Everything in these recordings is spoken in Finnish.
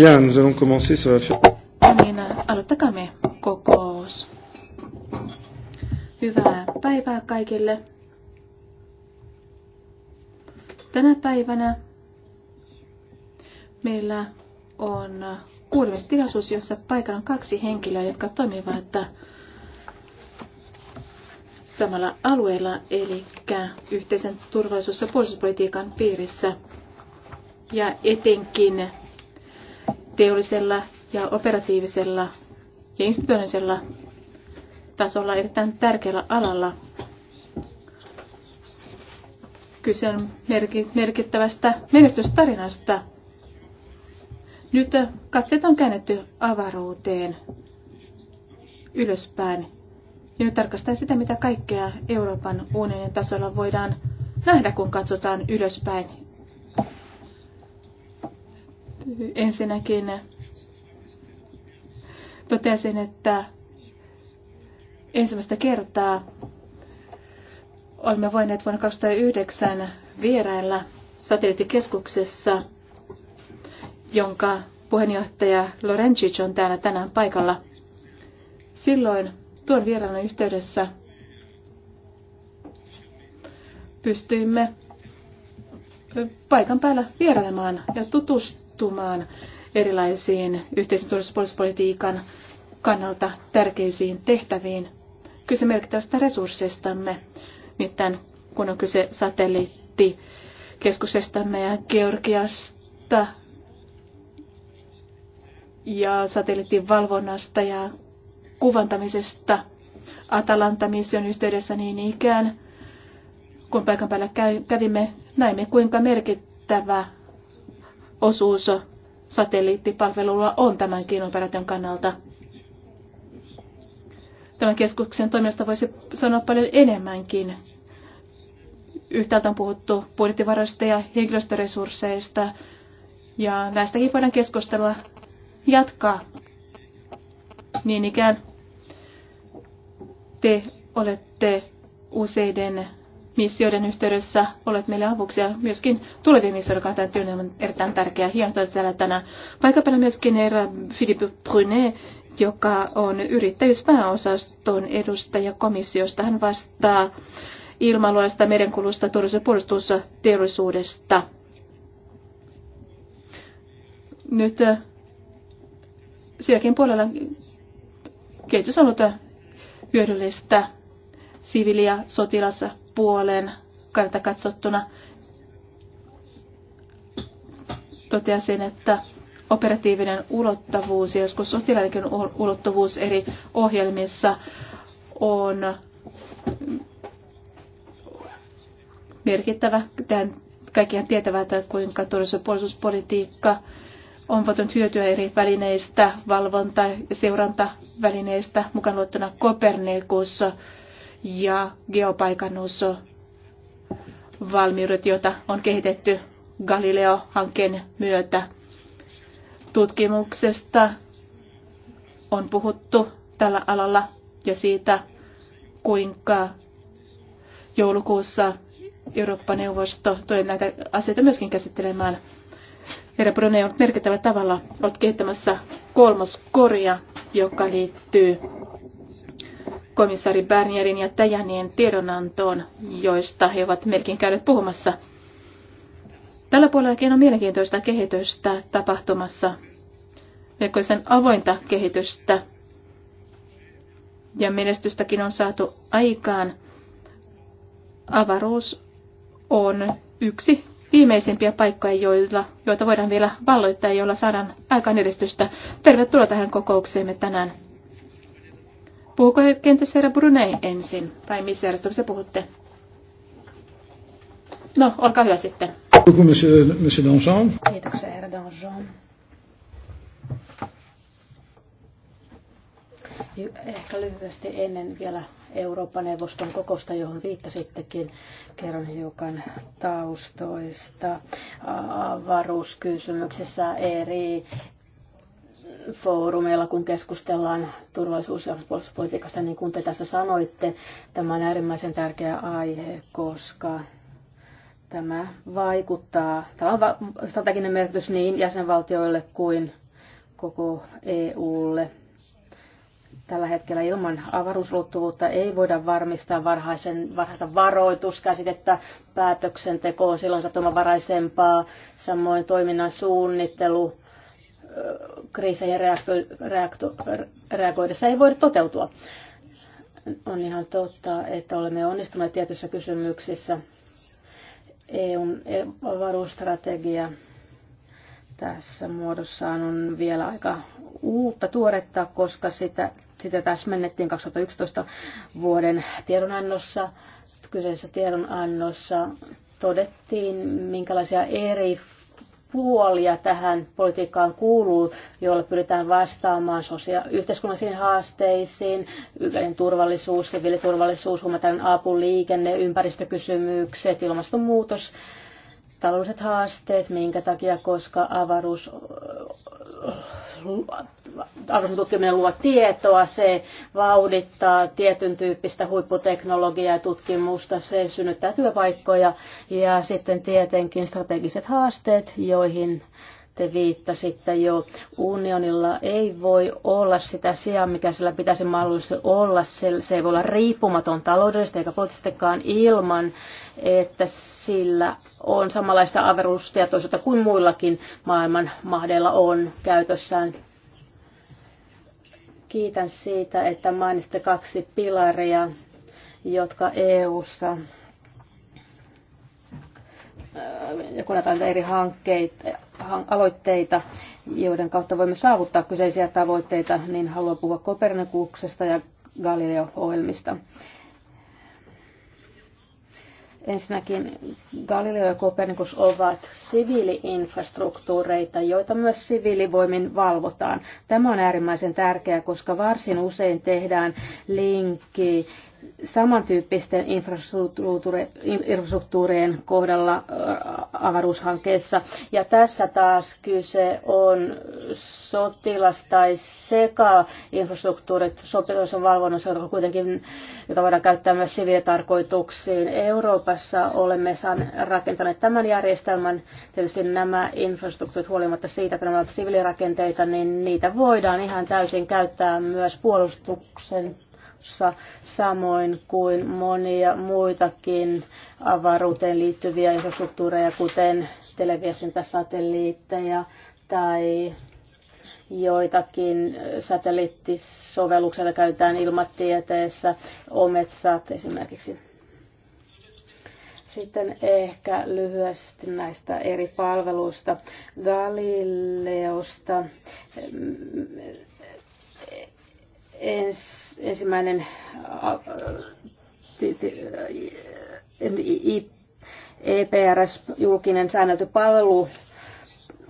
Bien, nous allons commencer, ça va faire... No niin, aloittakaamme kokous. Hyvää päivää kaikille. Tänä päivänä meillä on kuulemistilaisuus, jossa paikalla on kaksi henkilöä, jotka toimivat samalla alueella, eli yhteisen turvallisuus- ja puolustuspolitiikan piirissä. Ja etenkin teollisella ja operatiivisella ja institutionaalisella tasolla erittäin tärkeällä alalla. Kyse on merkittävästä menestystarinasta. Nyt katseet on käännetty avaruuteen ylöspäin. Ja nyt tarkastaa sitä, mitä kaikkea Euroopan unionin tasolla voidaan nähdä, kun katsotaan ylöspäin Ensinnäkin totesin, että ensimmäistä kertaa olemme voineet vuonna 2009 vierailla satelliittikeskuksessa, jonka puheenjohtaja Lorencic on täällä tänään paikalla. Silloin tuon vierailun yhteydessä pystyimme paikan päällä vierailemaan ja tutustumaan puuttumaan erilaisiin yhteisen turvallisuuspolitiikan kannalta tärkeisiin tehtäviin. Kyse merkittävästä resursseistamme, nimittäin kun on kyse satelliittikeskuksestamme ja Georgiasta ja satelliitin valvonnasta ja kuvantamisesta Atalanta-mission yhteydessä niin ikään. Kun paikan päällä kävimme, näimme kuinka merkittävä osuus satelliittipalvelulla on tämänkin operaation kannalta. Tämän keskuksen toiminnasta voisi sanoa paljon enemmänkin. Yhtäältä on puhuttu budjettivaroista ja henkilöstöresursseista, ja näistäkin voidaan keskustelua jatkaa. Niin ikään te olette useiden missioiden yhteydessä olet meille avuksi ja myöskin tulevien missioiden kautta työn on erittäin tärkeää. Hienoa täällä tänään. Paikan päällä myöskin herra Philippe Brunet, joka on yrittäjyyspääosaston edustaja komissiosta. Hän vastaa ilmailuista, merenkulusta, turvallisuus- ja puolustusteollisuudesta. Nyt äh, sielläkin puolella kehitys on ollut äh, hyödyllistä siviili- ja sotilassa puoleen kannalta katsottuna. Toteasin, että operatiivinen ulottavuus, ja joskus sotilaallinen ulottuvuus eri ohjelmissa on merkittävä. Tämän kaikkihan tietävät, kuinka turvallisuuspolitiikka on voinut hyötyä eri välineistä, valvonta- ja seurantavälineistä, mukaan luottuna Kopernikus, ja geopaikannus valmiudet, joita on kehitetty Galileo-hankkeen myötä. Tutkimuksesta on puhuttu tällä alalla ja siitä, kuinka joulukuussa Eurooppa-neuvosto tulee näitä asioita myöskin käsittelemään. Herra Brunei on merkittävällä tavalla ollut kehittämässä kolmos korja, joka liittyy komissaari Bernierin ja Tajanien tiedonantoon, joista he ovat melkein käyneet puhumassa. Tällä puolellakin on mielenkiintoista kehitystä tapahtumassa, melkoisen avointa kehitystä ja menestystäkin on saatu aikaan. Avaruus on yksi viimeisimpiä paikkoja, joilla, joita voidaan vielä valloittaa ja joilla saadaan aikaan edistystä. Tervetuloa tähän kokoukseemme tänään. Puhuuko he kenties herra Brunei ensin, vai missä järjestyksessä puhutte? No, olkaa hyvä sitten. Monsieur, monsieur Donjon? Kiitoksia, herra Donjon. Ehkä lyhyesti ennen vielä Eurooppa-neuvoston kokousta, johon viittasittekin, kerron hiukan taustoista Avaruuskysymyksessä eri foorumeilla, kun keskustellaan turvallisuus- ja puolustuspolitiikasta, niin kuin te tässä sanoitte, tämä on äärimmäisen tärkeä aihe, koska tämä vaikuttaa, tämä on strateginen merkitys niin jäsenvaltioille kuin koko EUlle. Tällä hetkellä ilman avaruusluottuvuutta ei voida varmistaa varhaisen, varhaista varoituskäsitettä päätöksentekoon, silloin satumavaraisempaa, samoin toiminnan suunnittelu, kriiseihin reakto, reakto, reagoidessa ei voida toteutua. On ihan totta, että olemme onnistuneet tietyissä kysymyksissä. EUn varuusstrategia tässä muodossaan on vielä aika uutta tuoretta, koska sitä, sitä täsmennettiin 2011 vuoden tiedonannossa. Kyseisessä tiedonannossa todettiin, minkälaisia eri puolia tähän politiikkaan kuuluu, joilla pyritään vastaamaan sosia- yhteiskunnallisiin haasteisiin, yleinen turvallisuus, siviiliturvallisuus, humanitaarinen apu, liikenne, ympäristökysymykset, ilmastonmuutos taloudelliset haasteet, minkä takia, koska avaruus, avaruuden tutkiminen luo tietoa, se vauhdittaa tietyn tyyppistä huipputeknologiaa ja tutkimusta, se synnyttää työpaikkoja ja sitten tietenkin strategiset haasteet, joihin te viittasitte jo, unionilla ei voi olla sitä sijaa, mikä sillä pitäisi mahdollisesti olla. Se ei voi olla riippumaton taloudellisesti eikä poliittisestikaan ilman, että sillä on samanlaista avaruusta toisaalta kuin muillakin maailman mahdeilla on käytössään. Kiitän siitä, että mainitsitte kaksi pilaria, jotka EU:ssa ssa ja kun eri hankkeita, aloitteita, joiden kautta voimme saavuttaa kyseisiä tavoitteita, niin haluan puhua Kopernikuksesta ja Galileo-ohjelmista. Ensinnäkin Galileo ja Kopernikus ovat siviiliinfrastruktuureita, joita myös siviilivoimin valvotaan. Tämä on äärimmäisen tärkeää, koska varsin usein tehdään linkki samantyyppisten infrastruktuurien kohdalla avaruushankkeessa. Ja tässä taas kyse on sotilas- tai seka-infrastruktuurit ja valvonnassa, joka kuitenkin, jota voidaan käyttää myös sivietarkoituksiin. Euroopassa olemme rakentaneet tämän järjestelmän. Tietysti nämä infrastruktuurit huolimatta siitä, että nämä ovat siviilirakenteita, niin niitä voidaan ihan täysin käyttää myös puolustuksen EU:ssa samoin kuin monia muitakin avaruuteen liittyviä infrastruktuureja, kuten televiestintäsatelliitteja tai joitakin satelliittisovelluksia, käytetään ilmatieteessä, OMETSAT esimerkiksi. Sitten ehkä lyhyesti näistä eri palveluista. Galileosta ens, ensimmäinen EPRS, julkinen säännelty palvelu,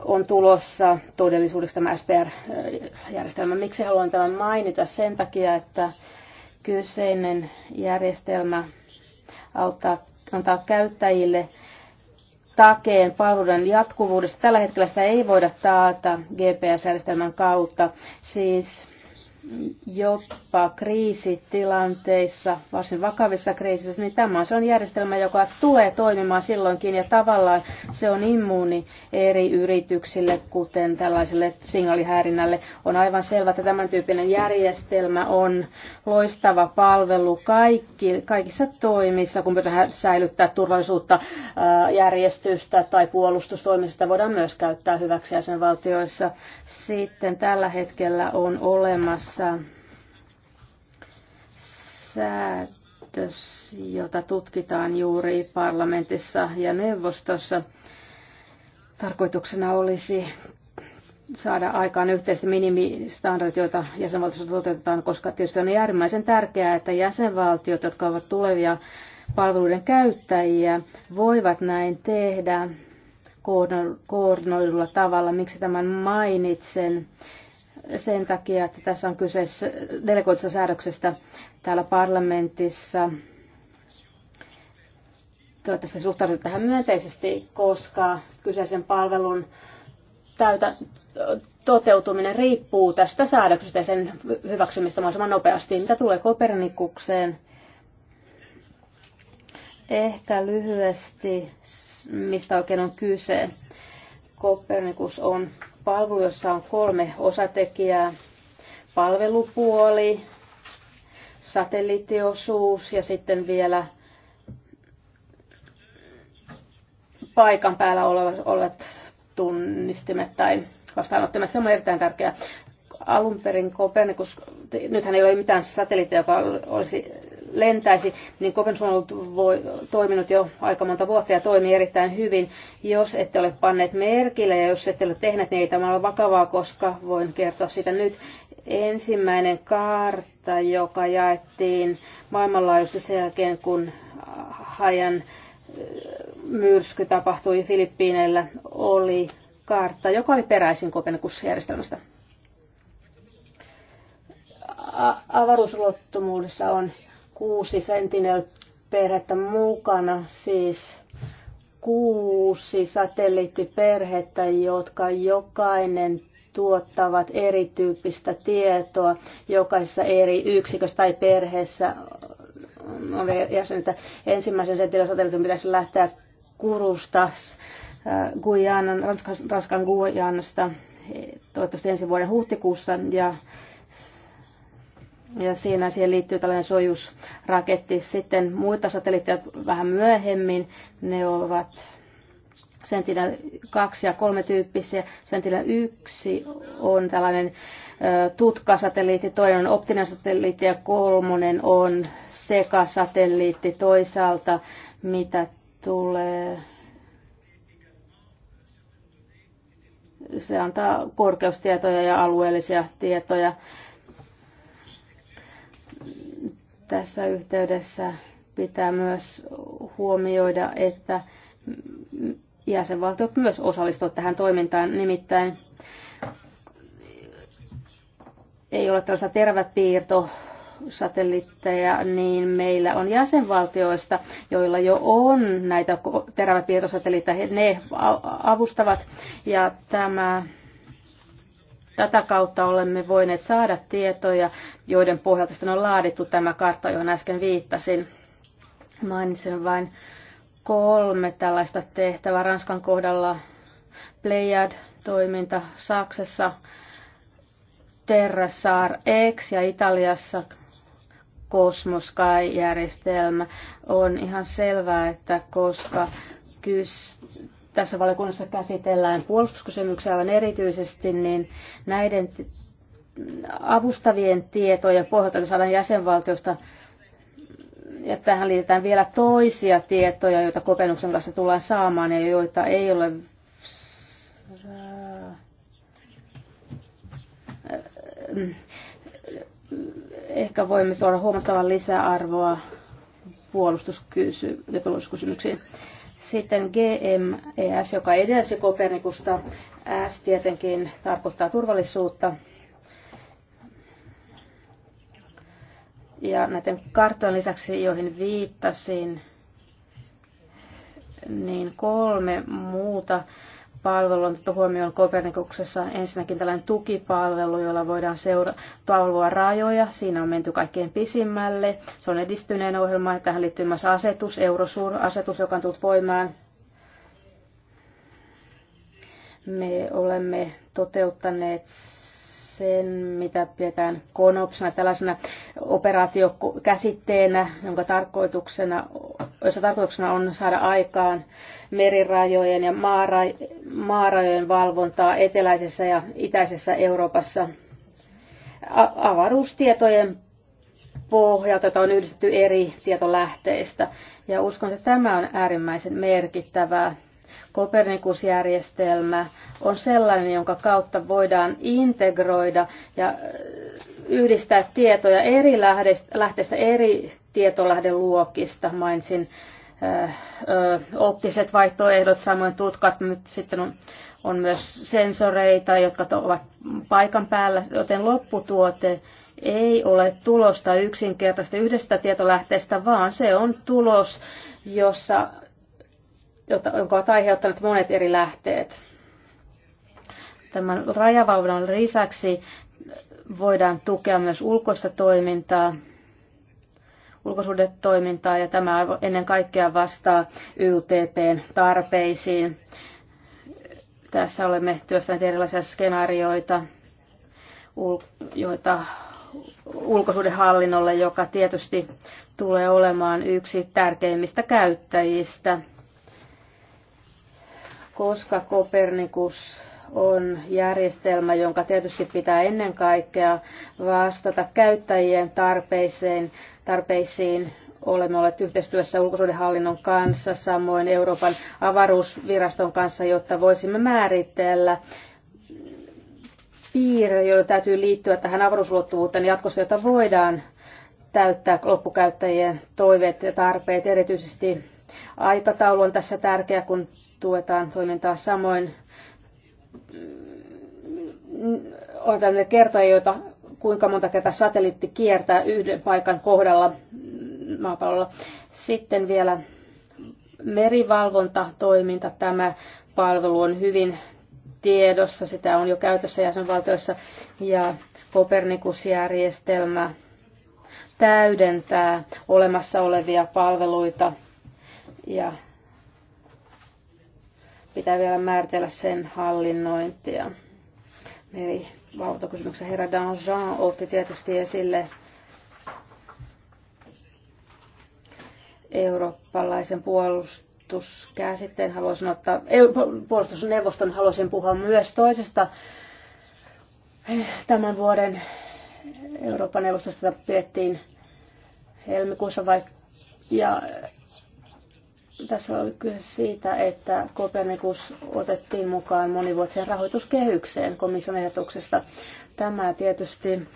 on tulossa todellisuudessa tämä SPR-järjestelmä. Miksi haluan tämän mainita? Sen takia, että kyseinen järjestelmä auttaa, antaa käyttäjille takeen palveluiden jatkuvuudesta. Tällä hetkellä sitä ei voida taata GPS-järjestelmän kautta. Siis jopa kriisitilanteissa, varsin vakavissa kriisissä, niin tämä se on järjestelmä, joka tulee toimimaan silloinkin ja tavallaan se on immuuni eri yrityksille, kuten tällaiselle signaalihäirinnälle. On aivan selvää, että tämän tyyppinen järjestelmä on loistava palvelu kaikki, kaikissa toimissa, kun pitää säilyttää turvallisuutta, järjestystä tai puolustustoimista voidaan myös käyttää hyväksi jäsenvaltioissa. Sitten tällä hetkellä on olemassa tässä säädös, jota tutkitaan juuri parlamentissa ja neuvostossa, tarkoituksena olisi saada aikaan yhteiset minimistandardit, joita jäsenvaltiossa toteutetaan, koska tietysti on äärimmäisen tärkeää, että jäsenvaltiot, jotka ovat tulevia palveluiden käyttäjiä, voivat näin tehdä koordinoidulla tavalla. Miksi tämän mainitsen? sen takia, että tässä on kyse delegoidusta säädöksestä täällä parlamentissa. Toivottavasti suhtaudutte tähän myönteisesti, koska kyseisen palvelun täytä, toteutuminen riippuu tästä säädöksestä ja sen hyväksymistä mahdollisimman nopeasti. Mitä tulee Kopernikukseen? Ehkä lyhyesti, mistä oikein on kyse. Kopernikus on palvelu, jossa on kolme osatekijää. Palvelupuoli, satelliittiosuus ja sitten vielä paikan päällä olevat, olevat tunnistimet tai vastaanottimet. Se on erittäin tärkeää. Alun perin Kopernikus, nythän ei ole mitään satelliittia, joka olisi lentäisi, niin Kopensuon on ollut toiminut jo aika monta vuotta ja toimii erittäin hyvin. Jos ette ole panneet merkille ja jos ette ole tehneet, niin ei tämä ole vakavaa, koska voin kertoa sitä nyt. Ensimmäinen kartta, joka jaettiin maailmanlaajuisesti sen jälkeen, kun hajan äh, myrsky tapahtui Filippiineillä, oli kartta, joka oli peräisin Kopenhagen-järjestelmästä Avaruusulottomuudessa on kuusi Sentinel-perhettä mukana, siis kuusi satelliittiperhettä, jotka jokainen tuottavat erityyppistä tietoa jokaisessa eri yksikössä tai perheessä jäsen, että Ensimmäisen sentinel pitäisi lähteä Kurusta, äh, Guianan, Ranskan Guianasta, eh, toivottavasti ensi vuoden huhtikuussa, ja ja siinä siihen liittyy tällainen sojusraketti. Sitten muita satelliitteja vähän myöhemmin, ne ovat Sentinel 2 ja 3 tyyppisiä. Sentinel 1 on tällainen tutkasatelliitti, toinen on optinen satelliitti ja kolmonen on sekasatelliitti toisaalta, mitä tulee se antaa korkeustietoja ja alueellisia tietoja. Tässä yhteydessä pitää myös huomioida, että jäsenvaltiot myös osallistuvat tähän toimintaan, nimittäin ei ole tällaista terväpiirto satelliitteja, niin meillä on jäsenvaltioista, joilla jo on näitä teräväpiirtosatelliitteja, ne avustavat ja tämä Tätä kautta olemme voineet saada tietoja, joiden pohjalta sitten on laadittu tämä kartta, johon äsken viittasin. Mainitsen vain kolme tällaista tehtävää. Ranskan kohdalla Pleiad-toiminta Saksassa, Terrasar X ja Italiassa Cosmos järjestelmä on ihan selvää, että koska kys, tässä valiokunnassa käsitellään puolustuskysymyksiä aivan erityisesti, niin näiden avustavien tietojen pohjalta saadaan jäsenvaltiosta ja tähän liitetään vielä toisia tietoja, joita kokemuksen kanssa tullaan saamaan ja joita ei ole ehkä voimme tuoda huomattavan lisäarvoa puolustuskysymyksiin ja sitten GMES, joka edelsi Kopernikusta, S tietenkin tarkoittaa turvallisuutta. Ja näiden karttojen lisäksi, joihin viittasin, niin kolme muuta palvelu on otettu huomioon Kopernikuksessa. Ensinnäkin tällainen tukipalvelu, jolla voidaan seurata palvelua rajoja. Siinä on menty kaikkein pisimmälle. Se on edistyneen ohjelma tähän liittyy myös asetus, Eurosur-asetus, joka on tullut voimaan. Me olemme toteuttaneet sen, mitä pidetään konopsena, tällaisena operaatiokäsitteenä, jonka tarkoituksena joissa tarkoituksena on saada aikaan merirajojen ja maarajojen valvontaa eteläisessä ja itäisessä Euroopassa A- avaruustietojen pohjalta, jota on yhdistetty eri tietolähteistä. Ja uskon, että tämä on äärimmäisen merkittävää. Kopernikusjärjestelmä on sellainen, jonka kautta voidaan integroida ja yhdistää tietoja eri lähteistä, eri tietolähdeluokista. Mainitsin äh, optiset vaihtoehdot, samoin tutkat, nyt sitten on, on myös sensoreita, jotka ovat paikan päällä, joten lopputuote ei ole tulosta yksinkertaista yhdestä tietolähteestä, vaan se on tulos, jossa, jota, jonka ovat aiheuttaneet monet eri lähteet. Tämän rajavaudan lisäksi voidaan tukea myös ulkoista toimintaa, ulkosuhdetoimintaa ja tämä ennen kaikkea vastaa YTPn tarpeisiin. Tässä olemme työstäneet erilaisia skenaarioita, joita ulkosuhdehallinnolle, joka tietysti tulee olemaan yksi tärkeimmistä käyttäjistä, koska Kopernikus on järjestelmä, jonka tietysti pitää ennen kaikkea vastata käyttäjien tarpeisiin. tarpeisiin. Olemme olleet yhteistyössä ulkosuudenhallinnon kanssa, samoin Euroopan avaruusviraston kanssa, jotta voisimme määritellä piirre, joilla täytyy liittyä tähän avaruusluottuvuuteen jatkossa, jota voidaan täyttää loppukäyttäjien toiveet ja tarpeet. Erityisesti aikataulu on tässä tärkeä, kun tuetaan toimintaa samoin on tämmöinen kertoja, joita kuinka monta kertaa satelliitti kiertää yhden paikan kohdalla maapallolla. Sitten vielä merivalvontatoiminta. Tämä palvelu on hyvin tiedossa, sitä on jo käytössä jäsenvaltioissa ja Kopernikusjärjestelmä täydentää olemassa olevia palveluita ja Pitää vielä määritellä sen hallinnointia. Meri valtakysymyksen herra Danjean otti tietysti esille eurooppalaisen puolustuskäsitteen. Haluaisin ottaa, puolustusneuvoston haluaisin puhua myös toisesta tämän vuoden Euroopan neuvostosta pidettiin helmikuussa vai, ja tässä oli kyse siitä, että Kopernikus otettiin mukaan monivuotisen rahoituskehykseen komission ehdotuksesta. Tämä tietysti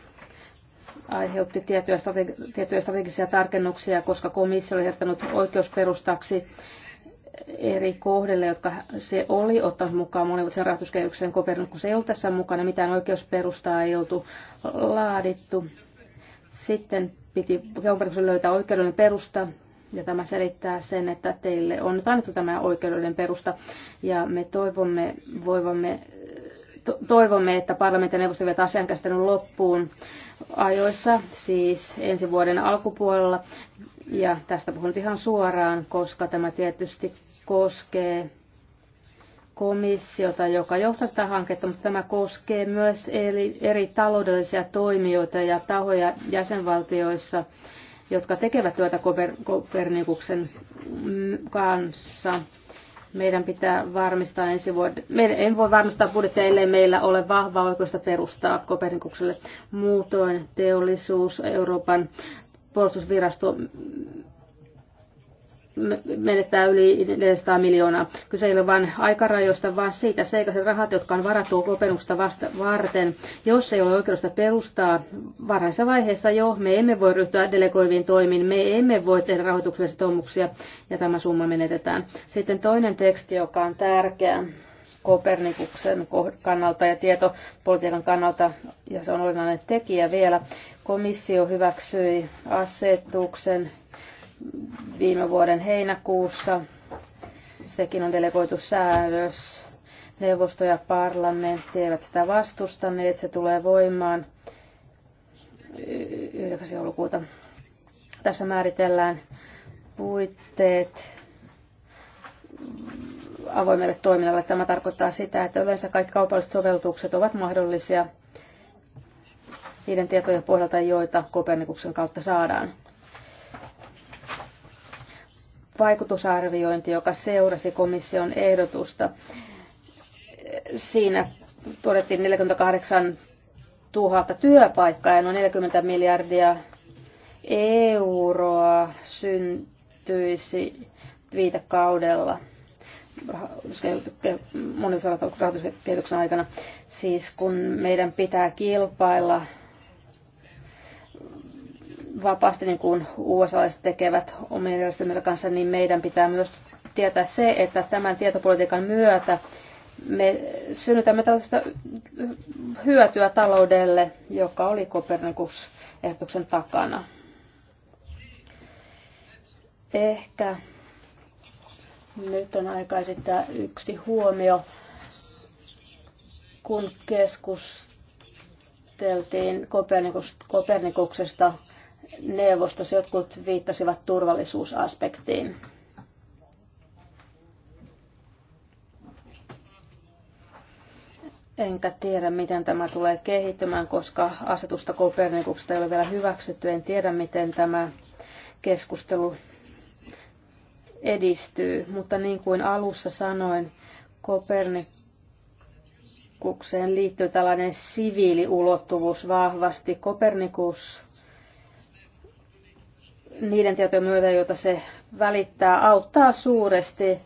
aiheutti tiettyjä, strategi- tiettyjä strategisia tarkennuksia, koska komissio oli ehdottanut oikeusperustaksi eri kohdille, jotka se oli ottanut mukaan monivuotisen rahoituskehyksen Kopernikus ei ollut tässä mukana, mitään oikeusperustaa ei oltu laadittu. Sitten piti Kopernikus löytää oikeudellinen perusta, ja tämä selittää sen, että teille on annettu tämä oikeudellinen perusta. Ja me toivomme, voivamme, to, toivomme että parlamentin neuvosto vie asian käsittelyn loppuun ajoissa, siis ensi vuoden alkupuolella. Ja tästä puhun nyt ihan suoraan, koska tämä tietysti koskee komissiota, joka johtaa tätä hanketta, mutta tämä koskee myös eri, eri taloudellisia toimijoita ja tahoja jäsenvaltioissa, jotka tekevät työtä Kopernikuksen kanssa. Meidän pitää varmistaa ensi vuoden, en voi varmistaa budjettia, ellei meillä ole vahvaa oikeusta perustaa Kopernikukselle. Muutoin teollisuus, Euroopan puolustusvirasto menettää yli 400 miljoonaa. Kyse ei ole vain aikarajoista, vaan siitä seikasta rahat, jotka on varattu opennusta vasta varten. Jos ei ole oikeudesta perustaa varhaisessa vaiheessa jo, me emme voi ryhtyä delegoiviin toimiin, me emme voi tehdä rahoituksellisia sitoumuksia ja tämä summa menetetään. Sitten toinen teksti, joka on tärkeä. Kopernikuksen kannalta ja tietopolitiikan kannalta, ja se on olennainen tekijä vielä. Komissio hyväksyi asetuksen, viime vuoden heinäkuussa. Sekin on delegoitu säädös. Neuvosto ja parlamentti eivät sitä vastustaneet. Se tulee voimaan 9. joulukuuta. Tässä määritellään puitteet avoimelle toiminnalle. Tämä tarkoittaa sitä, että yleensä kaikki kaupalliset sovellutukset ovat mahdollisia niiden tietojen pohjalta, joita Kopernikuksen kautta saadaan vaikutusarviointi, joka seurasi komission ehdotusta. Siinä todettiin 48 000 työpaikkaa ja noin 40 miljardia euroa syntyisi viitekaudella rahoituskehityksen aikana. Siis kun meidän pitää kilpailla vapaasti, niin kuin usa tekevät omien järjestelmien kanssa, niin meidän pitää myös tietää se, että tämän tietopolitiikan myötä me synnytämme tällaista hyötyä taloudelle, joka oli Kopernikus-ehdotuksen takana. Ehkä nyt on aika esittää yksi huomio, kun keskusteltiin Kopernikus, Kopernikuksesta neuvostossa jotkut viittasivat turvallisuusaspektiin. Enkä tiedä, miten tämä tulee kehittymään, koska asetusta Kopernikuksesta ei ole vielä hyväksytty. En tiedä, miten tämä keskustelu edistyy. Mutta niin kuin alussa sanoin, Kopernikukseen liittyy tällainen siviiliulottuvuus vahvasti. Kopernikus niiden tietojen myötä, joita se välittää, auttaa suuresti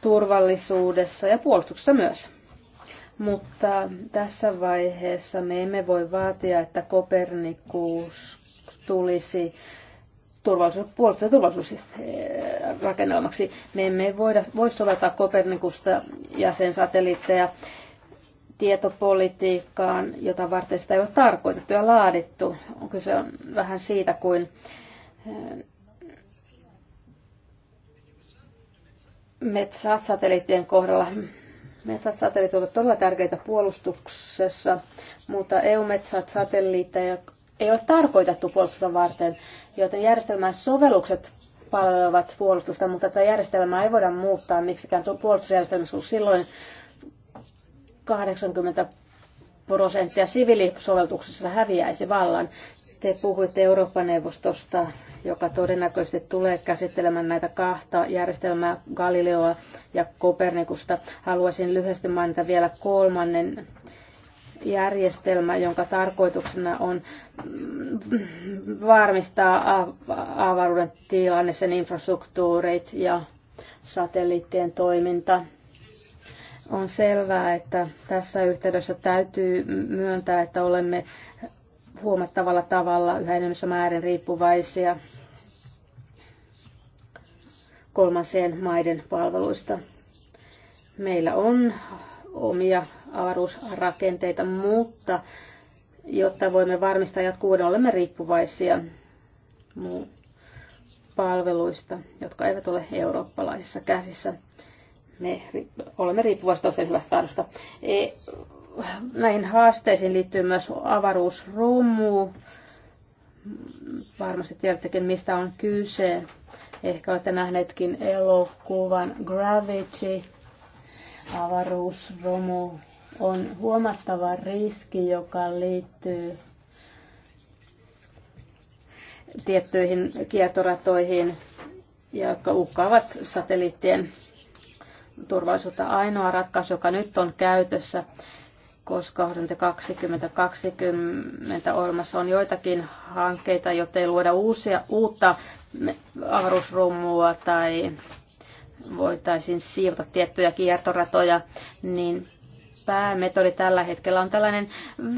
turvallisuudessa ja puolustuksessa myös. Mutta tässä vaiheessa me emme voi vaatia, että Kopernikus tulisi turvallisuus, puolustus- ja turvallisuusrakennelmaksi. Me emme voida, voi soveltaa Kopernikusta ja sen satelliitteja tietopolitiikkaan, jota varten sitä ei ole tarkoitettu ja laadittu. On kyse on vähän siitä kuin metsät satelliittien kohdalla. Metsät satelliitit ovat todella tärkeitä puolustuksessa, mutta EU-metsät satelliitteja ei ole tarkoitettu puolustusta varten, joten järjestelmän sovellukset palvelevat puolustusta, mutta tätä järjestelmää ei voida muuttaa miksikään tuo puolustusjärjestelmä kun silloin 80 prosenttia siviilisovelluksessa häviäisi vallan. Te puhuitte Euroopan neuvostosta, joka todennäköisesti tulee käsittelemään näitä kahta järjestelmää, Galileoa ja Kopernikusta. Haluaisin lyhyesti mainita vielä kolmannen järjestelmä, jonka tarkoituksena on mm, varmistaa avaruuden tilanne, sen infrastruktuurit ja satelliittien toiminta. On selvää, että tässä yhteydessä täytyy myöntää, että olemme huomattavalla tavalla yhä enemmän määrin riippuvaisia kolmansien maiden palveluista. Meillä on omia avaruusrakenteita, mutta jotta voimme varmistaa jatkuvuuden, olemme riippuvaisia palveluista, jotka eivät ole eurooppalaisissa käsissä. Me olemme riippuvaisia tosiaan hyvästä tahdosta. E- näihin haasteisiin liittyy myös avaruusrummu. Varmasti tiedättekin, mistä on kyse. Ehkä olette nähneetkin elokuvan Gravity. Avaruusromu on huomattava riski, joka liittyy tiettyihin kiertoratoihin, jotka uhkaavat satelliittien turvallisuutta. Ainoa ratkaisu, joka nyt on käytössä, koska 2020 olemassa on joitakin hankkeita, jotta ei luoda uusia, uutta avaruusrummua tai voitaisiin siivota tiettyjä kiertoratoja, niin päämetodi tällä hetkellä on tällainen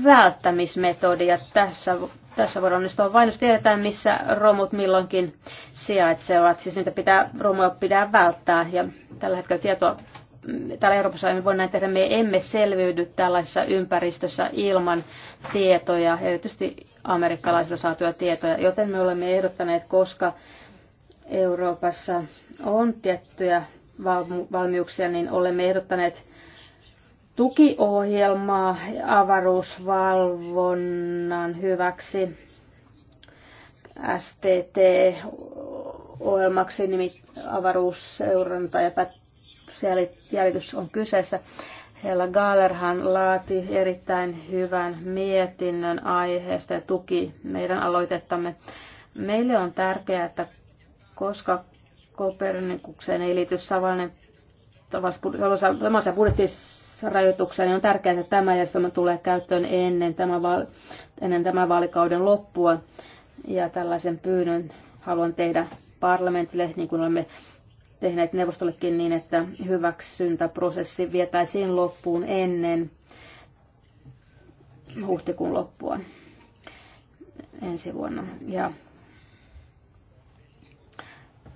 välttämismetodi, ja tässä, tässä voidaan onnistua vain, jos tiedetään, missä romut milloinkin sijaitsevat. Siis niitä pitää, romuja pitää välttää, ja tällä hetkellä tietoa täällä Euroopassa emme voi näin tehdä, me emme selviydy tällaisessa ympäristössä ilman tietoja, erityisesti amerikkalaisilta saatuja tietoja, joten me olemme ehdottaneet, koska Euroopassa on tiettyjä valmiuksia, niin olemme ehdottaneet tukiohjelmaa avaruusvalvonnan hyväksi STT-ohjelmaksi, nimittäin avaruusseuranta ja jäljitys on kyseessä. Hella Gallerhan laati erittäin hyvän mietinnön aiheesta ja tuki meidän aloitettamme. Meille on tärkeää, että koska Kopernikukseen ei liity samanlainen budjettirajoituksia, niin on tärkeää, että tämä järjestelmä tulee käyttöön ennen, tämän, vaal- ennen tämän vaalikauden loppua. Ja tällaisen pyynnön haluan tehdä parlamentille, niin kuin olemme tehneet neuvostollekin niin, että hyväksyntäprosessi vietäisiin loppuun ennen huhtikuun loppua ensi vuonna. Ja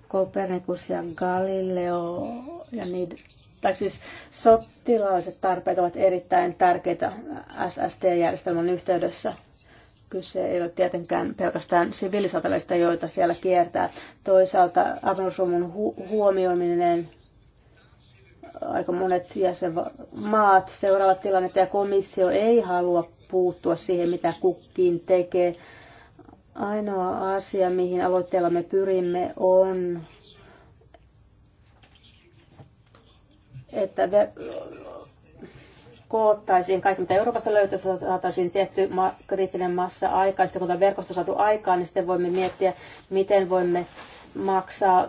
Kopernikus ja Galileo ja niitä, tai siis sotilaalliset tarpeet ovat erittäin tärkeitä SST-järjestelmän yhteydessä – Kyse ei ole tietenkään pelkästään siviilisateleista, joita siellä kiertää. Toisaalta avaruusrumun hu- huomioiminen aika monet jäsenmaat seuraavat tilannetta ja komissio ei halua puuttua siihen, mitä kukkiin tekee. Ainoa asia, mihin aloitteella me pyrimme, on, että koottaisiin kaikki, mitä Euroopasta löytyy, saataisiin tietty ma- kriittinen massa aikaan. Sitten kun tämä verkosto saatu aikaan, niin sitten voimme miettiä, miten voimme maksaa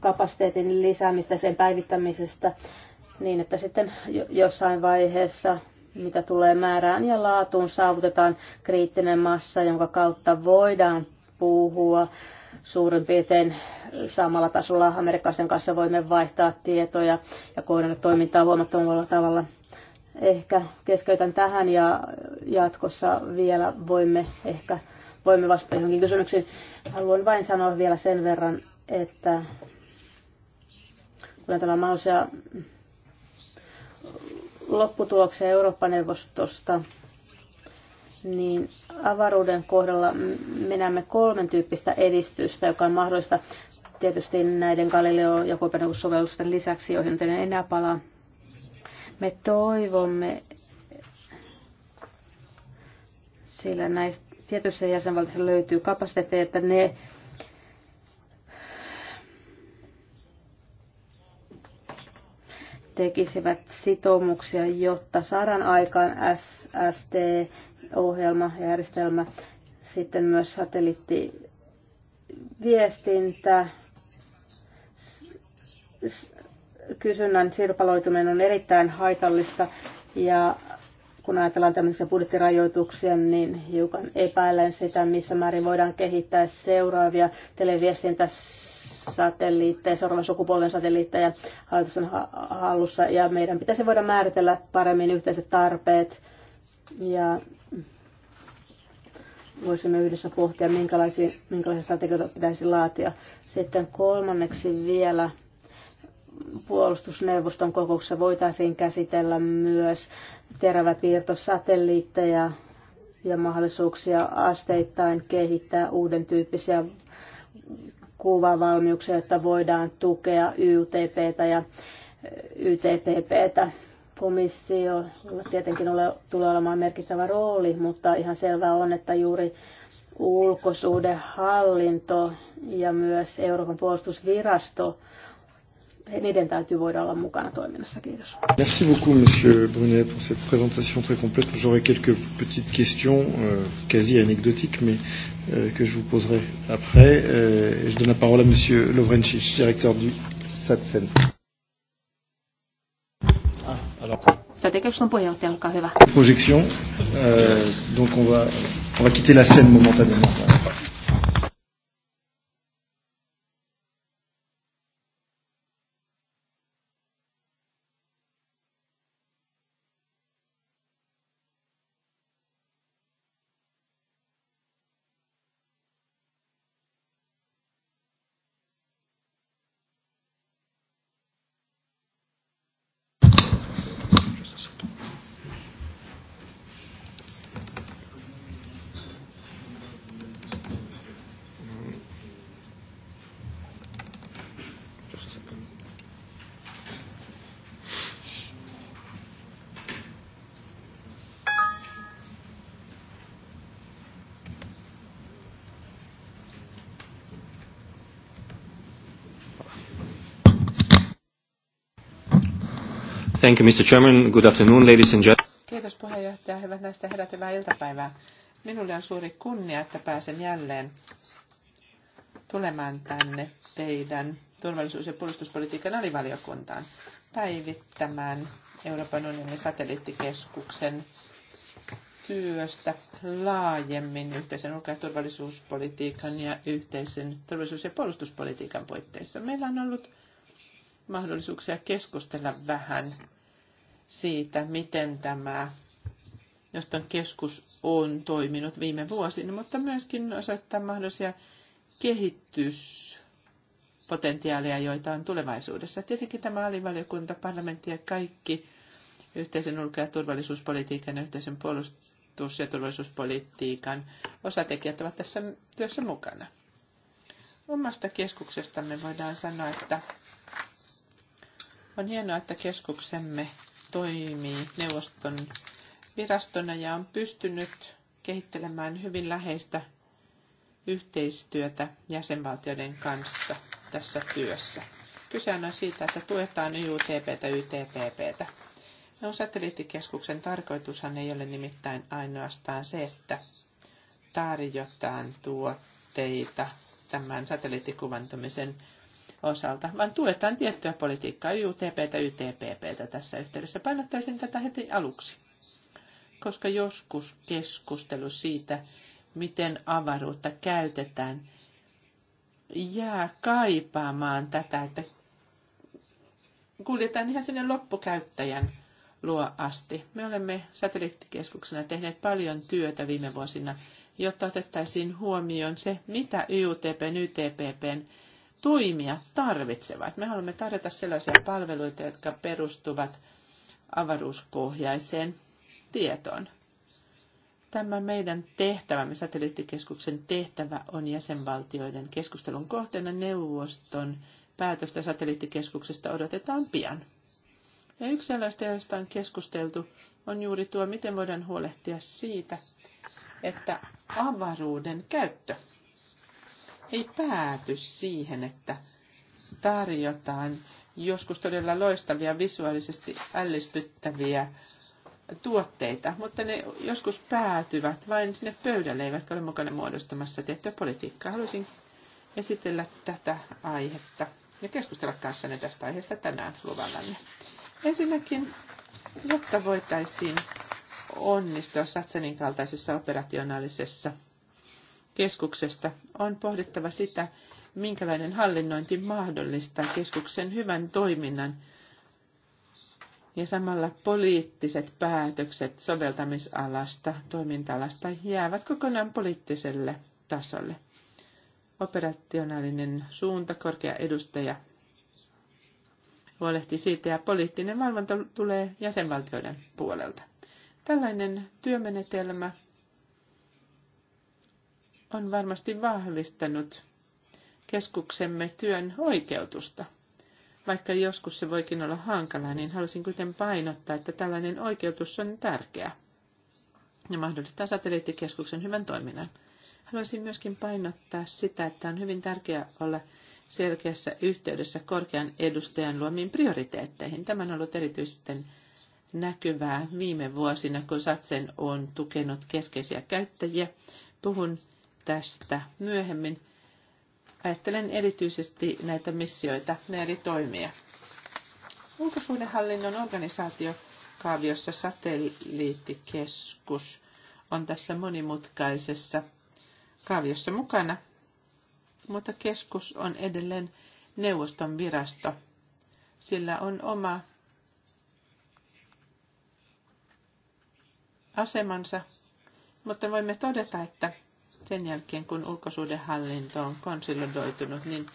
kapasiteetin lisäämistä, sen päivittämisestä, niin että sitten jossain vaiheessa, mitä tulee määrään ja laatuun, saavutetaan kriittinen massa, jonka kautta voidaan puhua suurin piirtein samalla tasolla amerikkalaisten kanssa voimme vaihtaa tietoja ja koordinoida toimintaa huomattavalla tavalla Ehkä keskeytän tähän ja jatkossa vielä voimme ehkä voimme vastata johonkin kysymyksiin. Haluan vain sanoa vielä sen verran, että kun tämä mahdollisia lopputuloksia Eurooppa-neuvostosta, niin avaruuden kohdalla menemme kolmen tyyppistä edistystä, joka on mahdollista tietysti näiden Galileo- ja Copernicus-sovellusten lisäksi, joihin en enää palaa. Me toivomme, sillä näistä tietyissä jäsenvaltioissa löytyy kapasiteetteja, että ne tekisivät sitoumuksia, jotta saadaan aikaan SST-ohjelma, järjestelmä, sitten myös satelliittiviestintä, kysynnän sirpaloituminen on erittäin haitallista ja kun ajatellaan tämmöisiä budjettirajoituksia, niin hiukan epäilen sitä, missä määrin voidaan kehittää seuraavia televiestintäsatelliitteja, seuraavan sukupolven satelliitteja on hallussa. Ja meidän pitäisi voida määritellä paremmin yhteiset tarpeet ja voisimme yhdessä pohtia, minkälaisia, minkälaisia strategioita pitäisi laatia. Sitten kolmanneksi vielä – puolustusneuvoston kokouksessa voitaisiin käsitellä myös teräväpiirtosatelliitteja ja mahdollisuuksia asteittain kehittää uuden tyyppisiä kuvavalmiuksia, että voidaan tukea YTPtä ja eh, YTPPtä. Komissio tietenkin ole, tulee olemaan merkittävä rooli, mutta ihan selvää on, että juuri ulkosuhdehallinto ja myös Euroopan puolustusvirasto niiden täytyy voida olla mukana toiminnassa. Kiitos. Merci beaucoup, monsieur Brunet, pour cette présentation très complète. J'aurais quelques petites questions, euh, quasi anecdotiques, mais euh, que je vous poserai après. Euh, je donne la parole à monsieur Lovrencic, directeur du SATSEN. Ah, alors. puheenjohtaja, olkaa hyvä. Projection. Euh, donc on va, on va quitter la scène momentanément. Thank you, Mr. Chairman. Good afternoon, ladies and gentlemen. Kiitos puheenjohtaja. Hyvät näistä herrat, hyvää iltapäivää. Minulle on suuri kunnia, että pääsen jälleen tulemaan tänne teidän turvallisuus- ja puolustuspolitiikan alivaliokuntaan päivittämään Euroopan unionin satelliittikeskuksen työstä laajemmin yhteisen ulko- ja turvallisuuspolitiikan ja yhteisen turvallisuus- ja puolustuspolitiikan puitteissa. Meillä on ollut mahdollisuuksia keskustella vähän siitä, miten tämä noston keskus on toiminut viime vuosina, mutta myöskin osoittaa mahdollisia kehityspotentiaaleja, joita on tulevaisuudessa. Tietenkin tämä alivaliokunta, parlamentti ja kaikki yhteisen ulko- ja turvallisuuspolitiikan ja yhteisen puolustus- ja turvallisuuspolitiikan osatekijät ovat tässä työssä mukana. Omasta keskuksestamme voidaan sanoa, että on hienoa, että keskuksemme toimii neuvoston virastona ja on pystynyt kehittelemään hyvin läheistä yhteistyötä jäsenvaltioiden kanssa tässä työssä. Kyse on siitä, että tuetaan YUTPtä, YTPPtä. No, satelliittikeskuksen tarkoitushan ei ole nimittäin ainoastaan se, että tarjotaan tuotteita tämän satelliittikuvantamisen osalta, vaan tuetaan tiettyä politiikkaa YUTPtä, YTPPtä tässä yhteydessä. Painottaisin tätä heti aluksi, koska joskus keskustelu siitä, miten avaruutta käytetään, jää kaipaamaan tätä, että kuljetaan ihan sinne loppukäyttäjän luo asti. Me olemme satelliittikeskuksena tehneet paljon työtä viime vuosina, jotta otettaisiin huomioon se, mitä YUTPn, YTPPn toimia tarvitsevat. Me haluamme tarjota sellaisia palveluita, jotka perustuvat avaruuspohjaiseen tietoon. Tämä meidän tehtävämme, satelliittikeskuksen tehtävä, on jäsenvaltioiden keskustelun kohteena neuvoston päätöstä satelliittikeskuksesta odotetaan pian. Ja yksi sellaista, joista on keskusteltu, on juuri tuo, miten voidaan huolehtia siitä, että avaruuden käyttö ei pääty siihen, että tarjotaan joskus todella loistavia, visuaalisesti ällistyttäviä tuotteita, mutta ne joskus päätyvät vain sinne pöydälle, eivätkä ole mukana muodostamassa tiettyä politiikkaa. Haluaisin esitellä tätä aihetta ja keskustella kanssanne tästä aiheesta tänään luvallanne. Ensinnäkin, jotta voitaisiin onnistua Satsenin kaltaisessa operationaalisessa keskuksesta, on pohdittava sitä, minkälainen hallinnointi mahdollistaa keskuksen hyvän toiminnan ja samalla poliittiset päätökset soveltamisalasta, toiminta-alasta jäävät kokonaan poliittiselle tasolle. Operationaalinen suunta, korkea edustaja huolehti siitä ja poliittinen valvonta tulee jäsenvaltioiden puolelta. Tällainen työmenetelmä on varmasti vahvistanut keskuksemme työn oikeutusta. Vaikka joskus se voikin olla hankalaa, niin halusin kuitenkin painottaa, että tällainen oikeutus on tärkeä ja mahdollistaa satelliittikeskuksen hyvän toiminnan. Haluaisin myöskin painottaa sitä, että on hyvin tärkeää olla selkeässä yhteydessä korkean edustajan luomiin prioriteetteihin. Tämä on ollut erityisesti näkyvää viime vuosina, kun Satsen on tukenut keskeisiä käyttäjiä. Puhun tästä myöhemmin. Ajattelen erityisesti näitä missioita, ne eri toimia. Ulkosuhdehallinnon organisaatiokaaviossa satelliittikeskus on tässä monimutkaisessa kaaviossa mukana, mutta keskus on edelleen neuvoston virasto. Sillä on oma asemansa, mutta voimme todeta, että sen jälkeen, kun ulkosuudenhallinto on konsolidoitunut, niin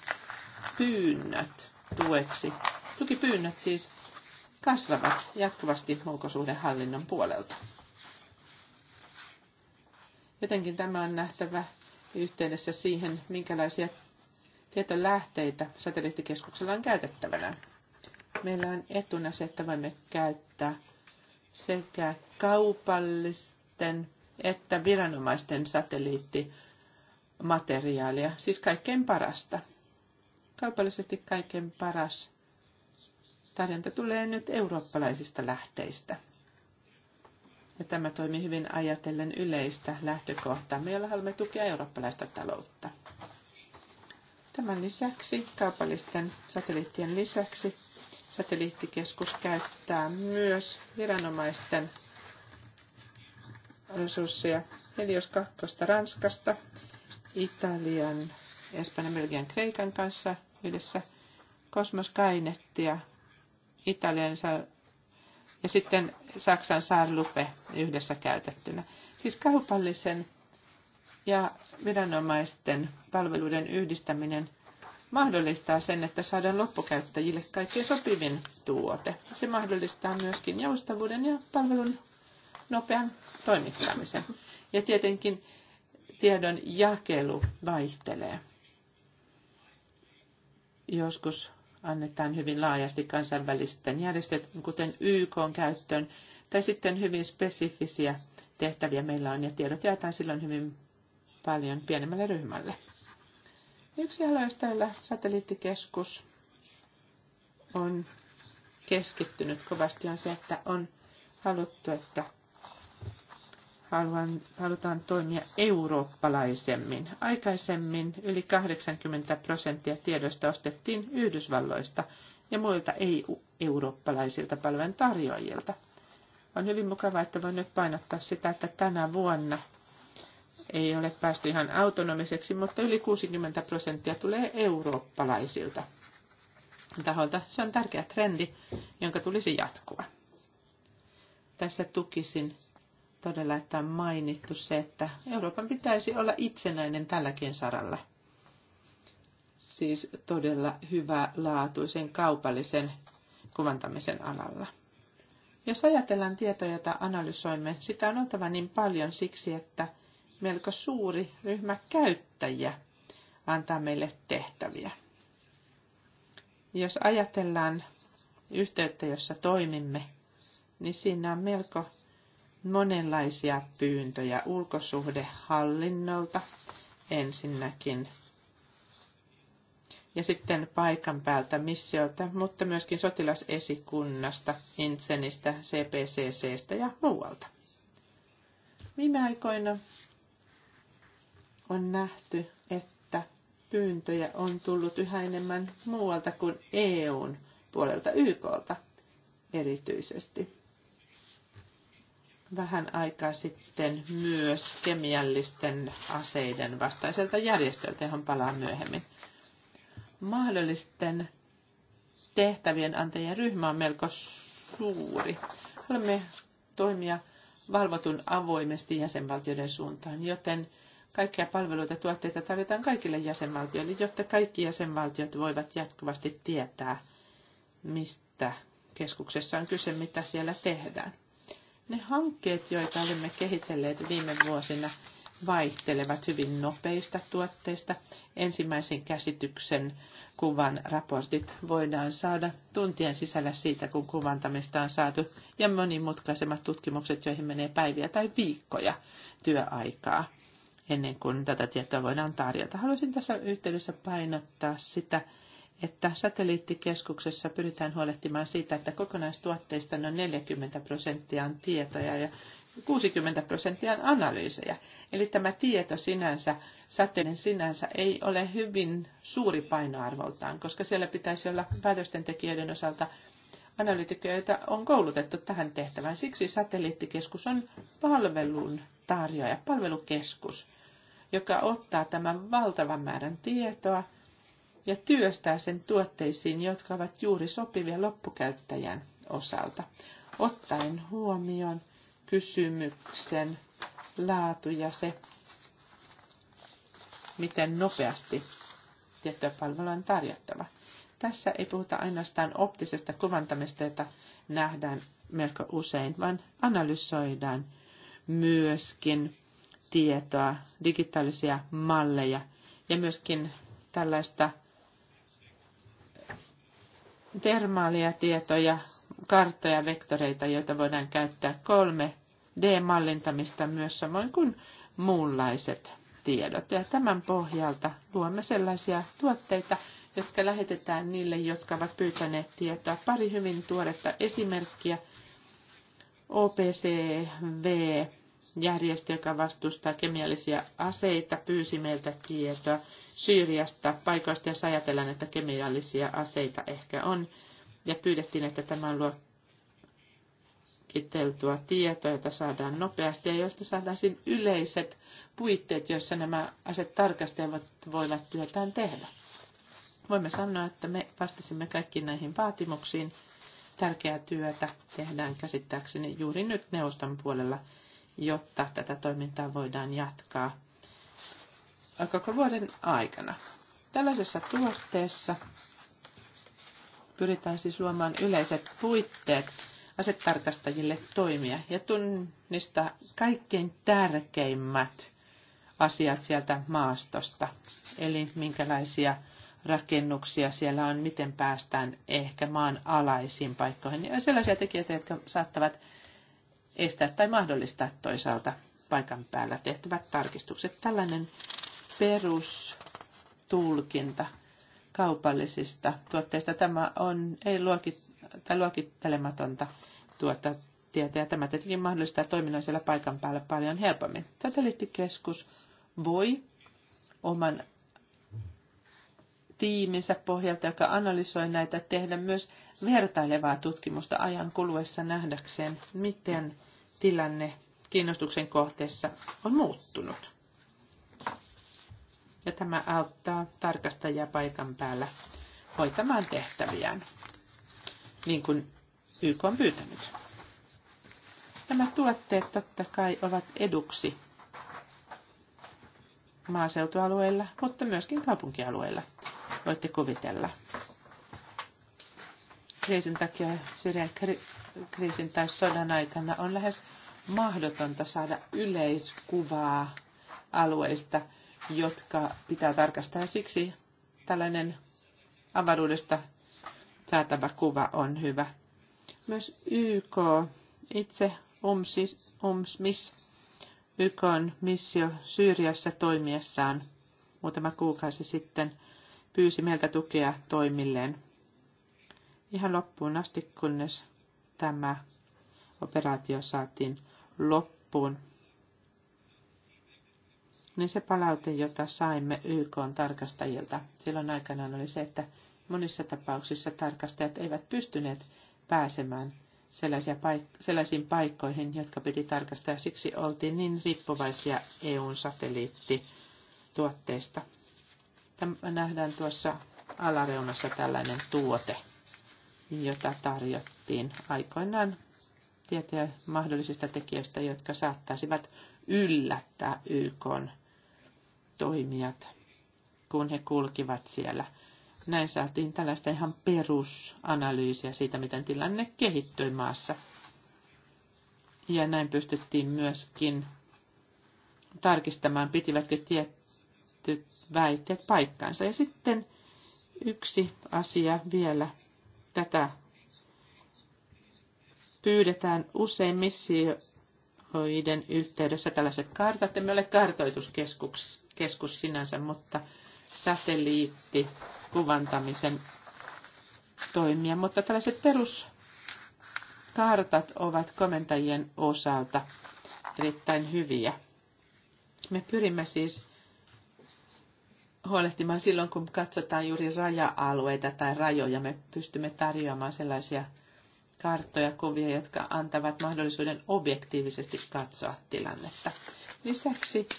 pyynnöt tueksi, tukipyynnöt siis kasvavat jatkuvasti ulkosuhdehallinnon puolelta. Jotenkin tämä on nähtävä yhteydessä siihen, minkälaisia tietolähteitä satelliittikeskuksella on käytettävänä. Meillä on etuna se, että voimme käyttää sekä kaupallisten että viranomaisten satelliittimateriaalia, siis kaikkein parasta. Kaupallisesti kaikkein paras tarjonta tulee nyt eurooppalaisista lähteistä. Ja tämä toimii hyvin ajatellen yleistä lähtökohtaa, me jolla haluamme tukea eurooppalaista taloutta. Tämän lisäksi, kaupallisten satelliittien lisäksi, satelliittikeskus käyttää myös viranomaisten resursseja. jos 2 Ranskasta, Italian, Espanjan, Belgian, Kreikan kanssa yhdessä. Kosmos Kainettia, Italian ja sitten Saksan Saarlupe yhdessä käytettynä. Siis kaupallisen ja viranomaisten palveluiden yhdistäminen mahdollistaa sen, että saadaan loppukäyttäjille kaikkein sopivin tuote. Se mahdollistaa myöskin joustavuuden ja palvelun nopean toimittamisen. Ja tietenkin tiedon jakelu vaihtelee. Joskus annetaan hyvin laajasti kansainvälisten järjestöt, kuten YK on käyttöön, tai sitten hyvin spesifisiä tehtäviä meillä on, ja tiedot jaetaan silloin hyvin paljon pienemmälle ryhmälle. Yksi aloista, satelliittikeskus on keskittynyt kovasti, on se, että on haluttu, että haluan, halutaan toimia eurooppalaisemmin. Aikaisemmin yli 80 prosenttia tiedosta ostettiin Yhdysvalloista ja muilta ei-eurooppalaisilta palvelun tarjoajilta. On hyvin mukavaa, että voin nyt painottaa sitä, että tänä vuonna ei ole päästy ihan autonomiseksi, mutta yli 60 prosenttia tulee eurooppalaisilta taholta. Se on tärkeä trendi, jonka tulisi jatkua. Tässä tukisin todella, että on mainittu se, että Euroopan pitäisi olla itsenäinen tälläkin saralla. Siis todella hyvä laatuisen kaupallisen kuvantamisen alalla. Jos ajatellaan tietoja, joita analysoimme, sitä on oltava niin paljon siksi, että melko suuri ryhmä käyttäjiä antaa meille tehtäviä. Jos ajatellaan yhteyttä, jossa toimimme, niin siinä on melko monenlaisia pyyntöjä ulkosuhdehallinnolta ensinnäkin ja sitten paikan päältä missiolta, mutta myöskin sotilasesikunnasta, Insenistä, CPCCstä ja muualta. Viime aikoina on nähty, että pyyntöjä on tullut yhä enemmän muualta kuin EUn puolelta YKlta erityisesti vähän aikaa sitten myös kemiallisten aseiden vastaiselta järjestöltä, johon palaan myöhemmin. Mahdollisten tehtävien antajien ryhmä on melko suuri. Haluamme toimia valvotun avoimesti jäsenvaltioiden suuntaan, joten kaikkia palveluita ja tuotteita tarjotaan kaikille jäsenvaltioille, jotta kaikki jäsenvaltiot voivat jatkuvasti tietää, mistä keskuksessa on kyse, mitä siellä tehdään. Ne hankkeet, joita olemme kehitelleet viime vuosina, vaihtelevat hyvin nopeista tuotteista. Ensimmäisen käsityksen kuvan raportit voidaan saada tuntien sisällä siitä, kun kuvantamista on saatu, ja monimutkaisemmat tutkimukset, joihin menee päiviä tai viikkoja työaikaa ennen kuin tätä tietoa voidaan tarjota. Haluaisin tässä yhteydessä painottaa sitä, että satelliittikeskuksessa pyritään huolehtimaan siitä, että kokonaistuotteista noin 40 prosenttia on tietoja ja 60 prosenttia on analyysejä. Eli tämä tieto sinänsä, säteilyn sinänsä ei ole hyvin suuri painoarvoltaan, koska siellä pitäisi olla päätösten tekijöiden osalta analyytikoita on koulutettu tähän tehtävään. Siksi satelliittikeskus on palvelun tarjoaja, palvelukeskus, joka ottaa tämän valtavan määrän tietoa – ja työstää sen tuotteisiin, jotka ovat juuri sopivia loppukäyttäjän osalta, ottaen huomioon kysymyksen laatu ja se, miten nopeasti tiettyä palvelua on tarjottava. Tässä ei puhuta ainoastaan optisesta kuvantamista, jota nähdään melko usein, vaan analysoidaan myöskin tietoa, digitaalisia malleja ja myöskin tällaista termaalia tietoja, karttoja, vektoreita, joita voidaan käyttää 3D-mallintamista myös samoin kuin muunlaiset tiedot. Ja tämän pohjalta luomme sellaisia tuotteita, jotka lähetetään niille, jotka ovat pyytäneet tietoa. Pari hyvin tuoretta esimerkkiä. OPCV järjestö, joka vastustaa kemiallisia aseita, pyysi meiltä tietoa Syyriasta paikoista, jos ajatellaan, että kemiallisia aseita ehkä on. Ja pyydettiin, että tämä luo kiteltua tietoa, jota saadaan nopeasti ja saadaan saataisiin yleiset puitteet, joissa nämä aset tarkastajat voivat työtään tehdä. Voimme sanoa, että me vastasimme kaikkiin näihin vaatimuksiin. Tärkeää työtä tehdään käsittääkseni juuri nyt neuvoston puolella jotta tätä toimintaa voidaan jatkaa koko vuoden aikana. Tällaisessa tuotteessa pyritään siis luomaan yleiset puitteet asetarkastajille toimia ja tunnistaa kaikkein tärkeimmät asiat sieltä maastosta. Eli minkälaisia rakennuksia siellä on, miten päästään ehkä maan alaisiin paikkoihin. Ja sellaisia tekijöitä, jotka saattavat estää tai mahdollistaa toisaalta paikan päällä tehtävät tarkistukset. Tällainen perustulkinta kaupallisista tuotteista. Tämä on ei luokit, tai luokittelematonta tuota tietä, ja tämä tietenkin mahdollistaa toiminnan siellä paikan päällä paljon helpommin. Satelliittikeskus voi oman tiiminsä pohjalta, joka analysoi näitä, tehdä myös vertailevaa tutkimusta ajan kuluessa nähdäkseen, miten tilanne kiinnostuksen kohteessa on muuttunut. Ja tämä auttaa tarkastajia paikan päällä hoitamaan tehtäviään, niin kuin YK on pyytänyt. Nämä tuotteet totta kai ovat eduksi maaseutualueilla, mutta myöskin kaupunkialueilla, voitte kuvitella kriisin takia, Syrian kriisin tai sodan aikana on lähes mahdotonta saada yleiskuvaa alueista, jotka pitää tarkastaa. Siksi tällainen avaruudesta saatava kuva on hyvä. Myös YK itse UMSIS, UMSMIS, YK on missio Syyriassa toimiessaan muutama kuukausi sitten pyysi meiltä tukea toimilleen ihan loppuun asti, kunnes tämä operaatio saatiin loppuun. Niin se palaute, jota saimme YK tarkastajilta silloin aikanaan oli se, että monissa tapauksissa tarkastajat eivät pystyneet pääsemään sellaisia paik- sellaisiin paikkoihin, jotka piti tarkastaa. Siksi oltiin niin riippuvaisia EUn satelliittituotteista. Tämä nähdään tuossa alareunassa tällainen tuote jota tarjottiin aikoinaan tietoja mahdollisista tekijöistä, jotka saattaisivat yllättää YK toimijat, kun he kulkivat siellä. Näin saatiin tällaista ihan perusanalyysiä siitä, miten tilanne kehittyi maassa. Ja näin pystyttiin myöskin tarkistamaan, pitivätkö tietyt väitteet paikkaansa. Ja sitten yksi asia vielä, Tätä pyydetään usein missioiden yhteydessä tällaiset kartat. Emme ole kartoituskeskus keskus sinänsä, mutta satelliitti kuvantamisen toimia. Mutta tällaiset peruskartat ovat komentajien osalta erittäin hyviä. Me pyrimme siis huolehtimaan silloin, kun katsotaan juuri raja-alueita tai rajoja. Me pystymme tarjoamaan sellaisia karttoja, kuvia, jotka antavat mahdollisuuden objektiivisesti katsoa tilannetta. Lisäksi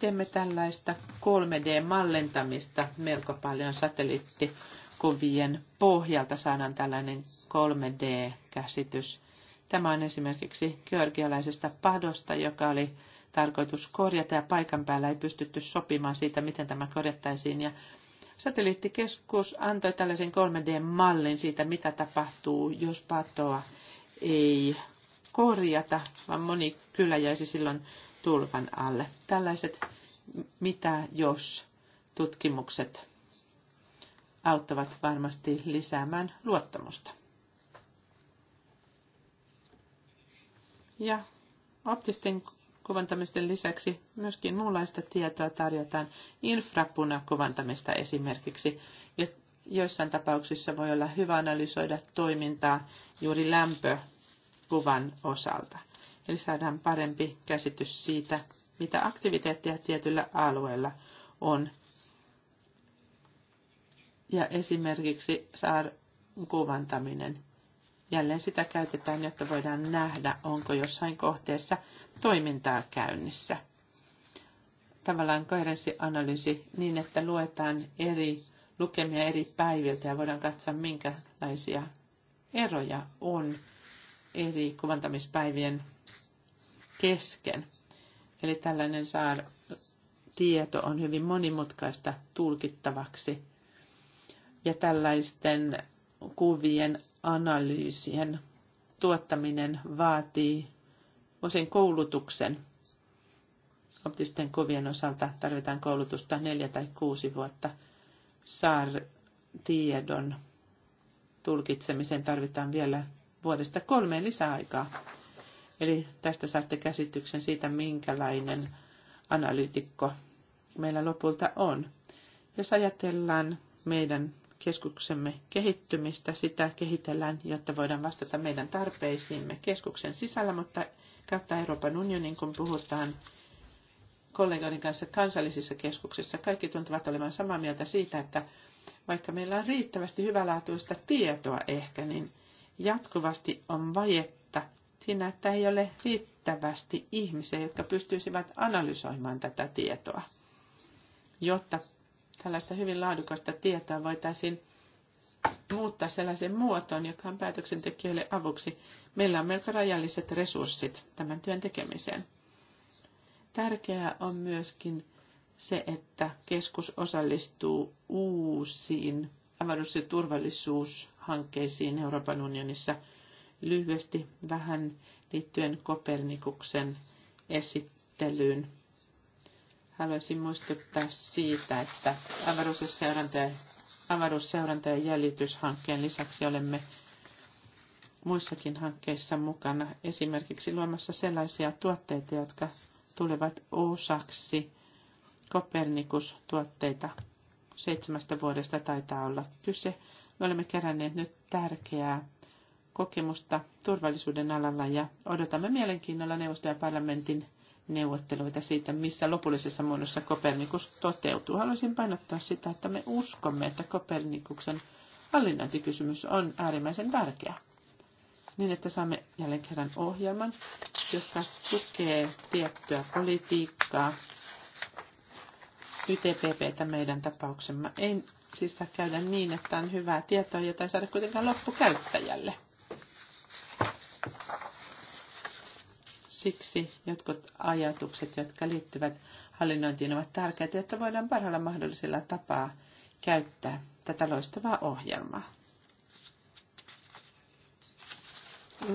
teemme tällaista 3D-mallentamista melko paljon satelliittikuvien pohjalta saadaan tällainen 3D-käsitys. Tämä on esimerkiksi georgialaisesta padosta, joka oli tarkoitus korjata ja paikan päällä ei pystytty sopimaan siitä, miten tämä korjattaisiin. Ja satelliittikeskus antoi tällaisen 3D-mallin siitä, mitä tapahtuu, jos patoa ei korjata, vaan moni kyllä jäisi silloin tulvan alle. Tällaiset mitä jos tutkimukset auttavat varmasti lisäämään luottamusta. Ja optisten kuvantamisten lisäksi myöskin muunlaista tietoa tarjotaan infrapunakuvantamista esimerkiksi. Ja joissain tapauksissa voi olla hyvä analysoida toimintaa juuri lämpökuvan osalta. Eli saadaan parempi käsitys siitä, mitä aktiviteettia tietyllä alueella on. Ja esimerkiksi saar kuvantaminen jälleen sitä käytetään, jotta voidaan nähdä, onko jossain kohteessa toimintaa käynnissä. Tavallaan koherenssianalyysi niin, että luetaan eri lukemia eri päiviltä ja voidaan katsoa, minkälaisia eroja on eri kuvantamispäivien kesken. Eli tällainen saar tieto on hyvin monimutkaista tulkittavaksi. Ja tällaisten kuvien analyysien tuottaminen vaatii osin koulutuksen. Optisten kuvien osalta tarvitaan koulutusta neljä tai kuusi vuotta. Saar tiedon tulkitsemiseen tarvitaan vielä vuodesta kolmeen lisäaikaa. Eli tästä saatte käsityksen siitä, minkälainen analyytikko meillä lopulta on. Jos ajatellaan meidän keskuksemme kehittymistä. Sitä kehitellään, jotta voidaan vastata meidän tarpeisiimme keskuksen sisällä, mutta kautta Euroopan unionin, kun puhutaan kollegoiden kanssa kansallisissa keskuksissa, kaikki tuntuvat olevan samaa mieltä siitä, että vaikka meillä on riittävästi hyvälaatuista tietoa ehkä, niin jatkuvasti on vajetta siinä, että ei ole riittävästi ihmisiä, jotka pystyisivät analysoimaan tätä tietoa, jotta tällaista hyvin laadukasta tietoa voitaisiin muuttaa sellaisen muotoon, joka on päätöksentekijöille avuksi. Meillä on melko rajalliset resurssit tämän työn tekemiseen. Tärkeää on myöskin se, että keskus osallistuu uusiin avaruus- ja turvallisuushankkeisiin Euroopan unionissa lyhyesti vähän liittyen Kopernikuksen esittelyyn. Haluaisin muistuttaa siitä, että avaruusseuranta ja, jäljityshankkeen lisäksi olemme muissakin hankkeissa mukana, esimerkiksi luomassa sellaisia tuotteita, jotka tulevat osaksi Kopernikus-tuotteita. Seitsemästä vuodesta taitaa olla kyse. Me olemme keränneet nyt tärkeää kokemusta turvallisuuden alalla ja odotamme mielenkiinnolla neuvosto- ja parlamentin neuvotteluita siitä, missä lopullisessa muodossa Kopernikus toteutuu. Haluaisin painottaa sitä, että me uskomme, että Kopernikuksen hallinnointikysymys on äärimmäisen tärkeä. Niin, että saamme jälleen kerran ohjelman, joka tukee tiettyä politiikkaa. YTPPtä meidän tapauksemme ei siis saa käydä niin, että on hyvää tietoa, jota ei saada kuitenkaan loppukäyttäjälle. Siksi jotkut ajatukset, jotka liittyvät hallinnointiin, ovat tärkeitä, jotta voidaan parhaalla mahdollisella tapaa käyttää tätä loistavaa ohjelmaa.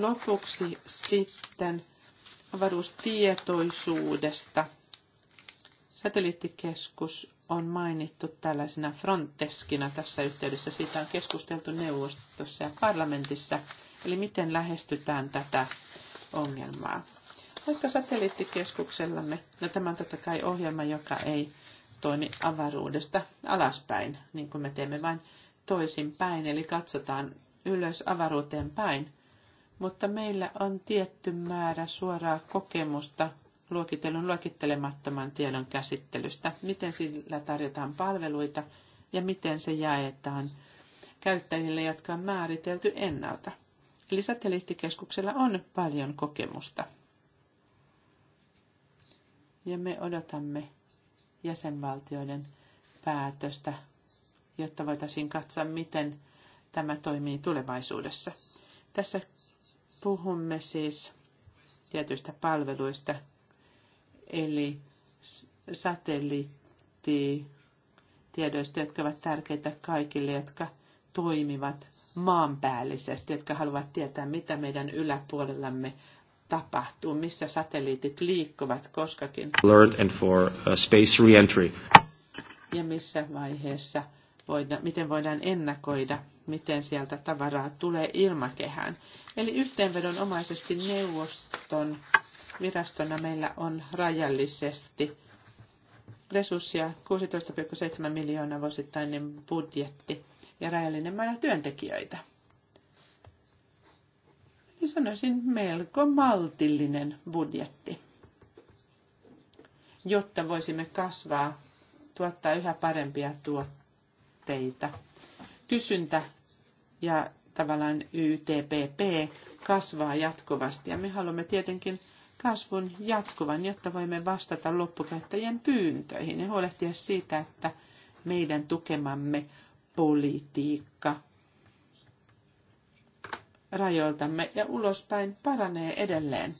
Lopuksi sitten avaruustietoisuudesta. Satelliittikeskus on mainittu tällaisena fronteskina tässä yhteydessä. Siitä on keskusteltu neuvostossa ja parlamentissa. Eli miten lähestytään tätä ongelmaa vaikka satelliittikeskuksellamme, no tämä on totta kai ohjelma, joka ei toimi avaruudesta alaspäin, niin kuin me teemme vain toisinpäin, eli katsotaan ylös avaruuteen päin. Mutta meillä on tietty määrä suoraa kokemusta luokitellun luokittelemattoman tiedon käsittelystä, miten sillä tarjotaan palveluita ja miten se jaetaan käyttäjille, jotka on määritelty ennalta. Eli satelliittikeskuksella on paljon kokemusta ja me odotamme jäsenvaltioiden päätöstä, jotta voitaisiin katsoa, miten tämä toimii tulevaisuudessa. Tässä puhumme siis tietyistä palveluista, eli satelliittitiedoista, jotka ovat tärkeitä kaikille, jotka toimivat maanpäällisesti, jotka haluavat tietää, mitä meidän yläpuolellamme tapahtuu, missä satelliitit liikkuvat koskakin. Alert and for uh, space reentry. Ja missä vaiheessa voida, miten voidaan ennakoida, miten sieltä tavaraa tulee ilmakehään. Eli yhteenvedonomaisesti neuvoston virastona meillä on rajallisesti resursseja 16,7 miljoonaa vuosittainen budjetti ja rajallinen määrä työntekijöitä niin sanoisin melko maltillinen budjetti, jotta voisimme kasvaa, tuottaa yhä parempia tuotteita. Kysyntä ja tavallaan YTPP kasvaa jatkuvasti ja me haluamme tietenkin kasvun jatkuvan, jotta voimme vastata loppukäyttäjien pyyntöihin ja huolehtia siitä, että meidän tukemamme politiikka rajoiltamme ja ulospäin paranee edelleen.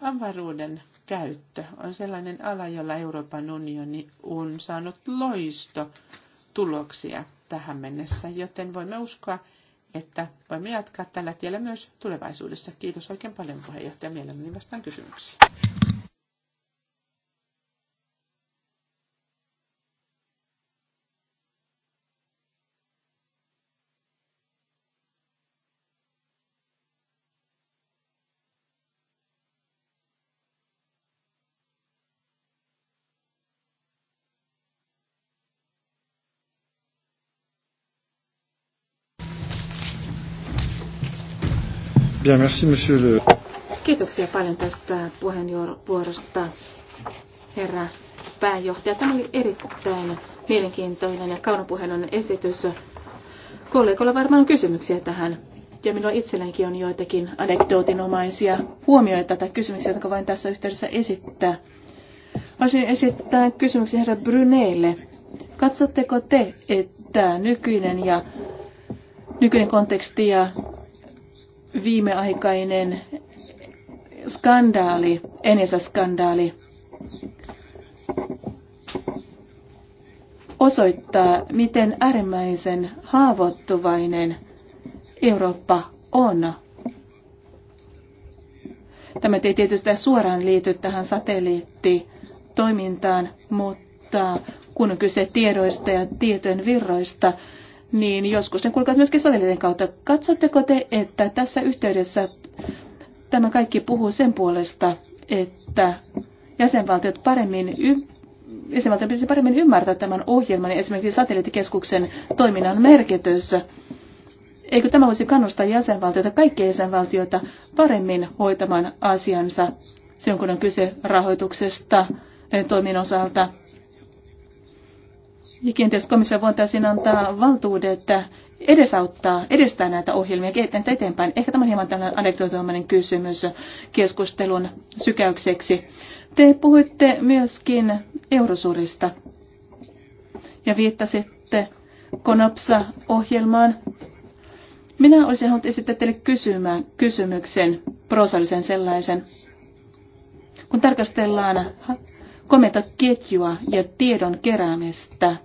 Avaruuden käyttö on sellainen ala, jolla Euroopan unioni on saanut loisto tuloksia tähän mennessä, joten voimme uskoa, että voimme jatkaa tällä tiellä myös tulevaisuudessa. Kiitos oikein paljon puheenjohtaja, mielelläni vastaan kysymyksiin. Bien, merci, monsieur le... Kiitoksia paljon tästä puheenvuorosta, herra pääjohtaja. Tämä oli erittäin mielenkiintoinen ja kaunopuheenon esitys. Kollegoilla varmaan on kysymyksiä tähän. Ja minulla itsellänikin on joitakin anekdootinomaisia huomioita tai kysymyksiä, jotka voin tässä yhteydessä esittää. Voisin esittää kysymyksen herra Bruneille. Katsotteko te, että nykyinen ja nykyinen konteksti ja viimeaikainen skandaali, Enesa-skandaali, osoittaa, miten äärimmäisen haavoittuvainen Eurooppa on. Tämä ei tietysti suoraan liity tähän satelliittitoimintaan, mutta kun on kyse tiedoista ja tietojen virroista, niin joskus ne kulkevat myöskin satelliitin kautta. Katsotteko te, että tässä yhteydessä tämä kaikki puhuu sen puolesta, että jäsenvaltiot paremmin y- jäsenvaltion pitäisi paremmin ymmärtää tämän ohjelman ja esimerkiksi satelliittikeskuksen toiminnan merkitys. Eikö tämä voisi kannustaa jäsenvaltioita, kaikkia jäsenvaltioita paremmin hoitamaan asiansa silloin, kun on kyse rahoituksesta toiminnan osalta ja kenties komissio voitaisiin antaa valtuudet edesauttaa, edistää näitä ohjelmia, kehittää niitä eteenpäin. Ehkä tämä on hieman tällainen anekdotoimainen kysymys keskustelun sykäykseksi. Te puhuitte myöskin Eurosurista ja viittasitte Konopsa-ohjelmaan. Minä olisin halunnut esittää teille kysymään, kysymyksen, prosallisen sellaisen. Kun tarkastellaan komentoketjua ja tiedon keräämistä,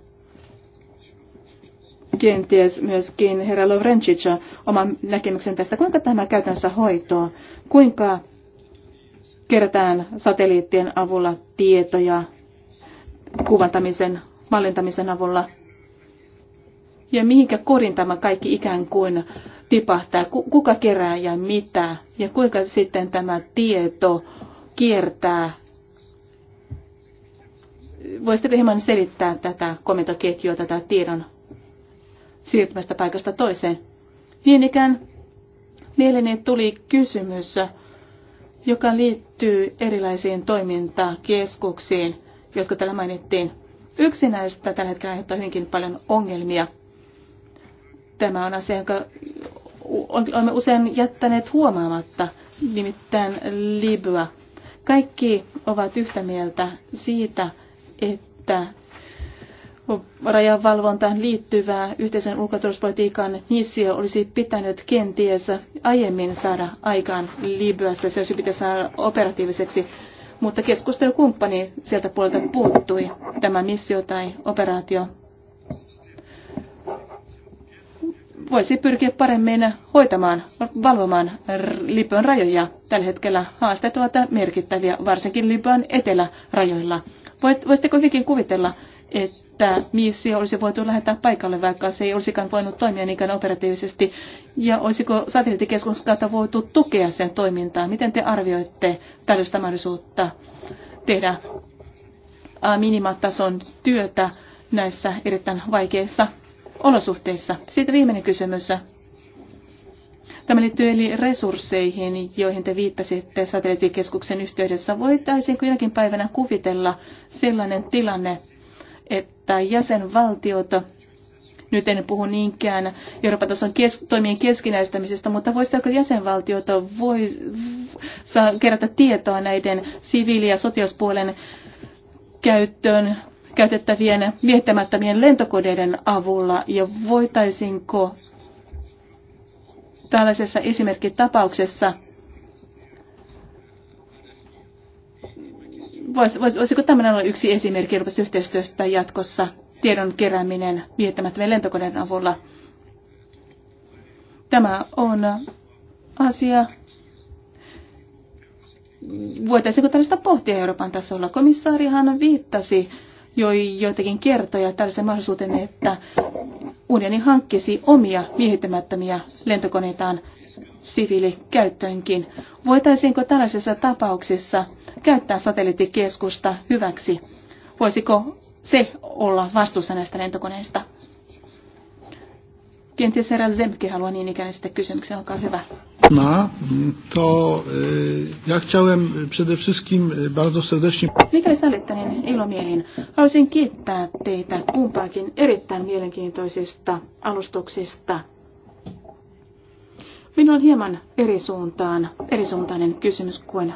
kenties myöskin herra Lovrencic oman näkemyksen tästä, kuinka tämä käytännössä hoitoa, kuinka kerätään satelliittien avulla tietoja kuvantamisen, mallintamisen avulla ja mihinkä korin tämä kaikki ikään kuin tipahtaa, kuka kerää ja mitä ja kuinka sitten tämä tieto kiertää voisitteko hieman selittää tätä komentoketjua, tätä tiedon siirtymästä paikasta toiseen. Niin ikään mieleni tuli kysymys, joka liittyy erilaisiin toimintakeskuksiin, jotka täällä mainittiin. Yksi näistä tällä hetkellä aiheuttaa hyvinkin paljon ongelmia. Tämä on asia, jonka olemme usein jättäneet huomaamatta, nimittäin Libya. Kaikki ovat yhtä mieltä siitä, että ulkorajavalvontaan liittyvää yhteisen ulkoturvallisuuspolitiikan missio olisi pitänyt kenties aiemmin saada aikaan Libyassa. Se olisi pitänyt saada operatiiviseksi, mutta keskustelukumppani sieltä puolelta puuttui tämä missio tai operaatio. Voisi pyrkiä paremmin hoitamaan, valvomaan Libyan rajoja. Tällä hetkellä haasteet ovat merkittäviä, varsinkin Libyan etelärajoilla. Voisitteko hyvinkin kuvitella, että missio olisi voitu lähettää paikalle, vaikka se ei olisikaan voinut toimia niinkään operatiivisesti. Ja olisiko satelliittikeskus kautta voitu tukea sen toimintaa? Miten te arvioitte tällaista mahdollisuutta tehdä minimatason työtä näissä erittäin vaikeissa olosuhteissa? Siitä viimeinen kysymys. Tämä liittyy eli resursseihin, joihin te viittasitte satelliittikeskuksen yhteydessä. Voitaisiinko jonakin päivänä kuvitella sellainen tilanne, että jäsenvaltiota, nyt en puhu niinkään Euroopan tason kes, toimien keskinäistämisestä, mutta voisiko jäsenvaltiota voi, saa kerätä tietoa näiden siviili- ja sotilaspuolen käyttöön käytettävien viettämättömien lentokoneiden avulla ja voitaisinko tällaisessa esimerkkitapauksessa Vois, vois, voisiko tämmöinen olla yksi esimerkki Euroopasta yhteistyöstä jatkossa, tiedon kerääminen viettämättömän lentokoneen avulla? Tämä on asia, voitaisiinko tällaista pohtia Euroopan tasolla? Komissaarihan viittasi jo joitakin kertoja tällaisen mahdollisuuteen, että unioni hankkisi omia viehittämättömiä lentokoneitaan siviilikäyttöönkin. Voitaisiinko tällaisessa tapauksessa käyttää satelliittikeskusta hyväksi? Voisiko se olla vastuussa näistä lentokoneista? Kenties herra Zemke haluaa niin ikään sitten kysymyksen, olkaa hyvä. No, to e, ja chciałem przede wszystkim e, bardzo serdecznie... Mikäli sallitte, niin ilomielin. Haluaisin kiittää teitä kumpaakin erittäin mielenkiintoisista alustuksista. Minulla on hieman eri suuntaan, erisuuntainen kysymys kuin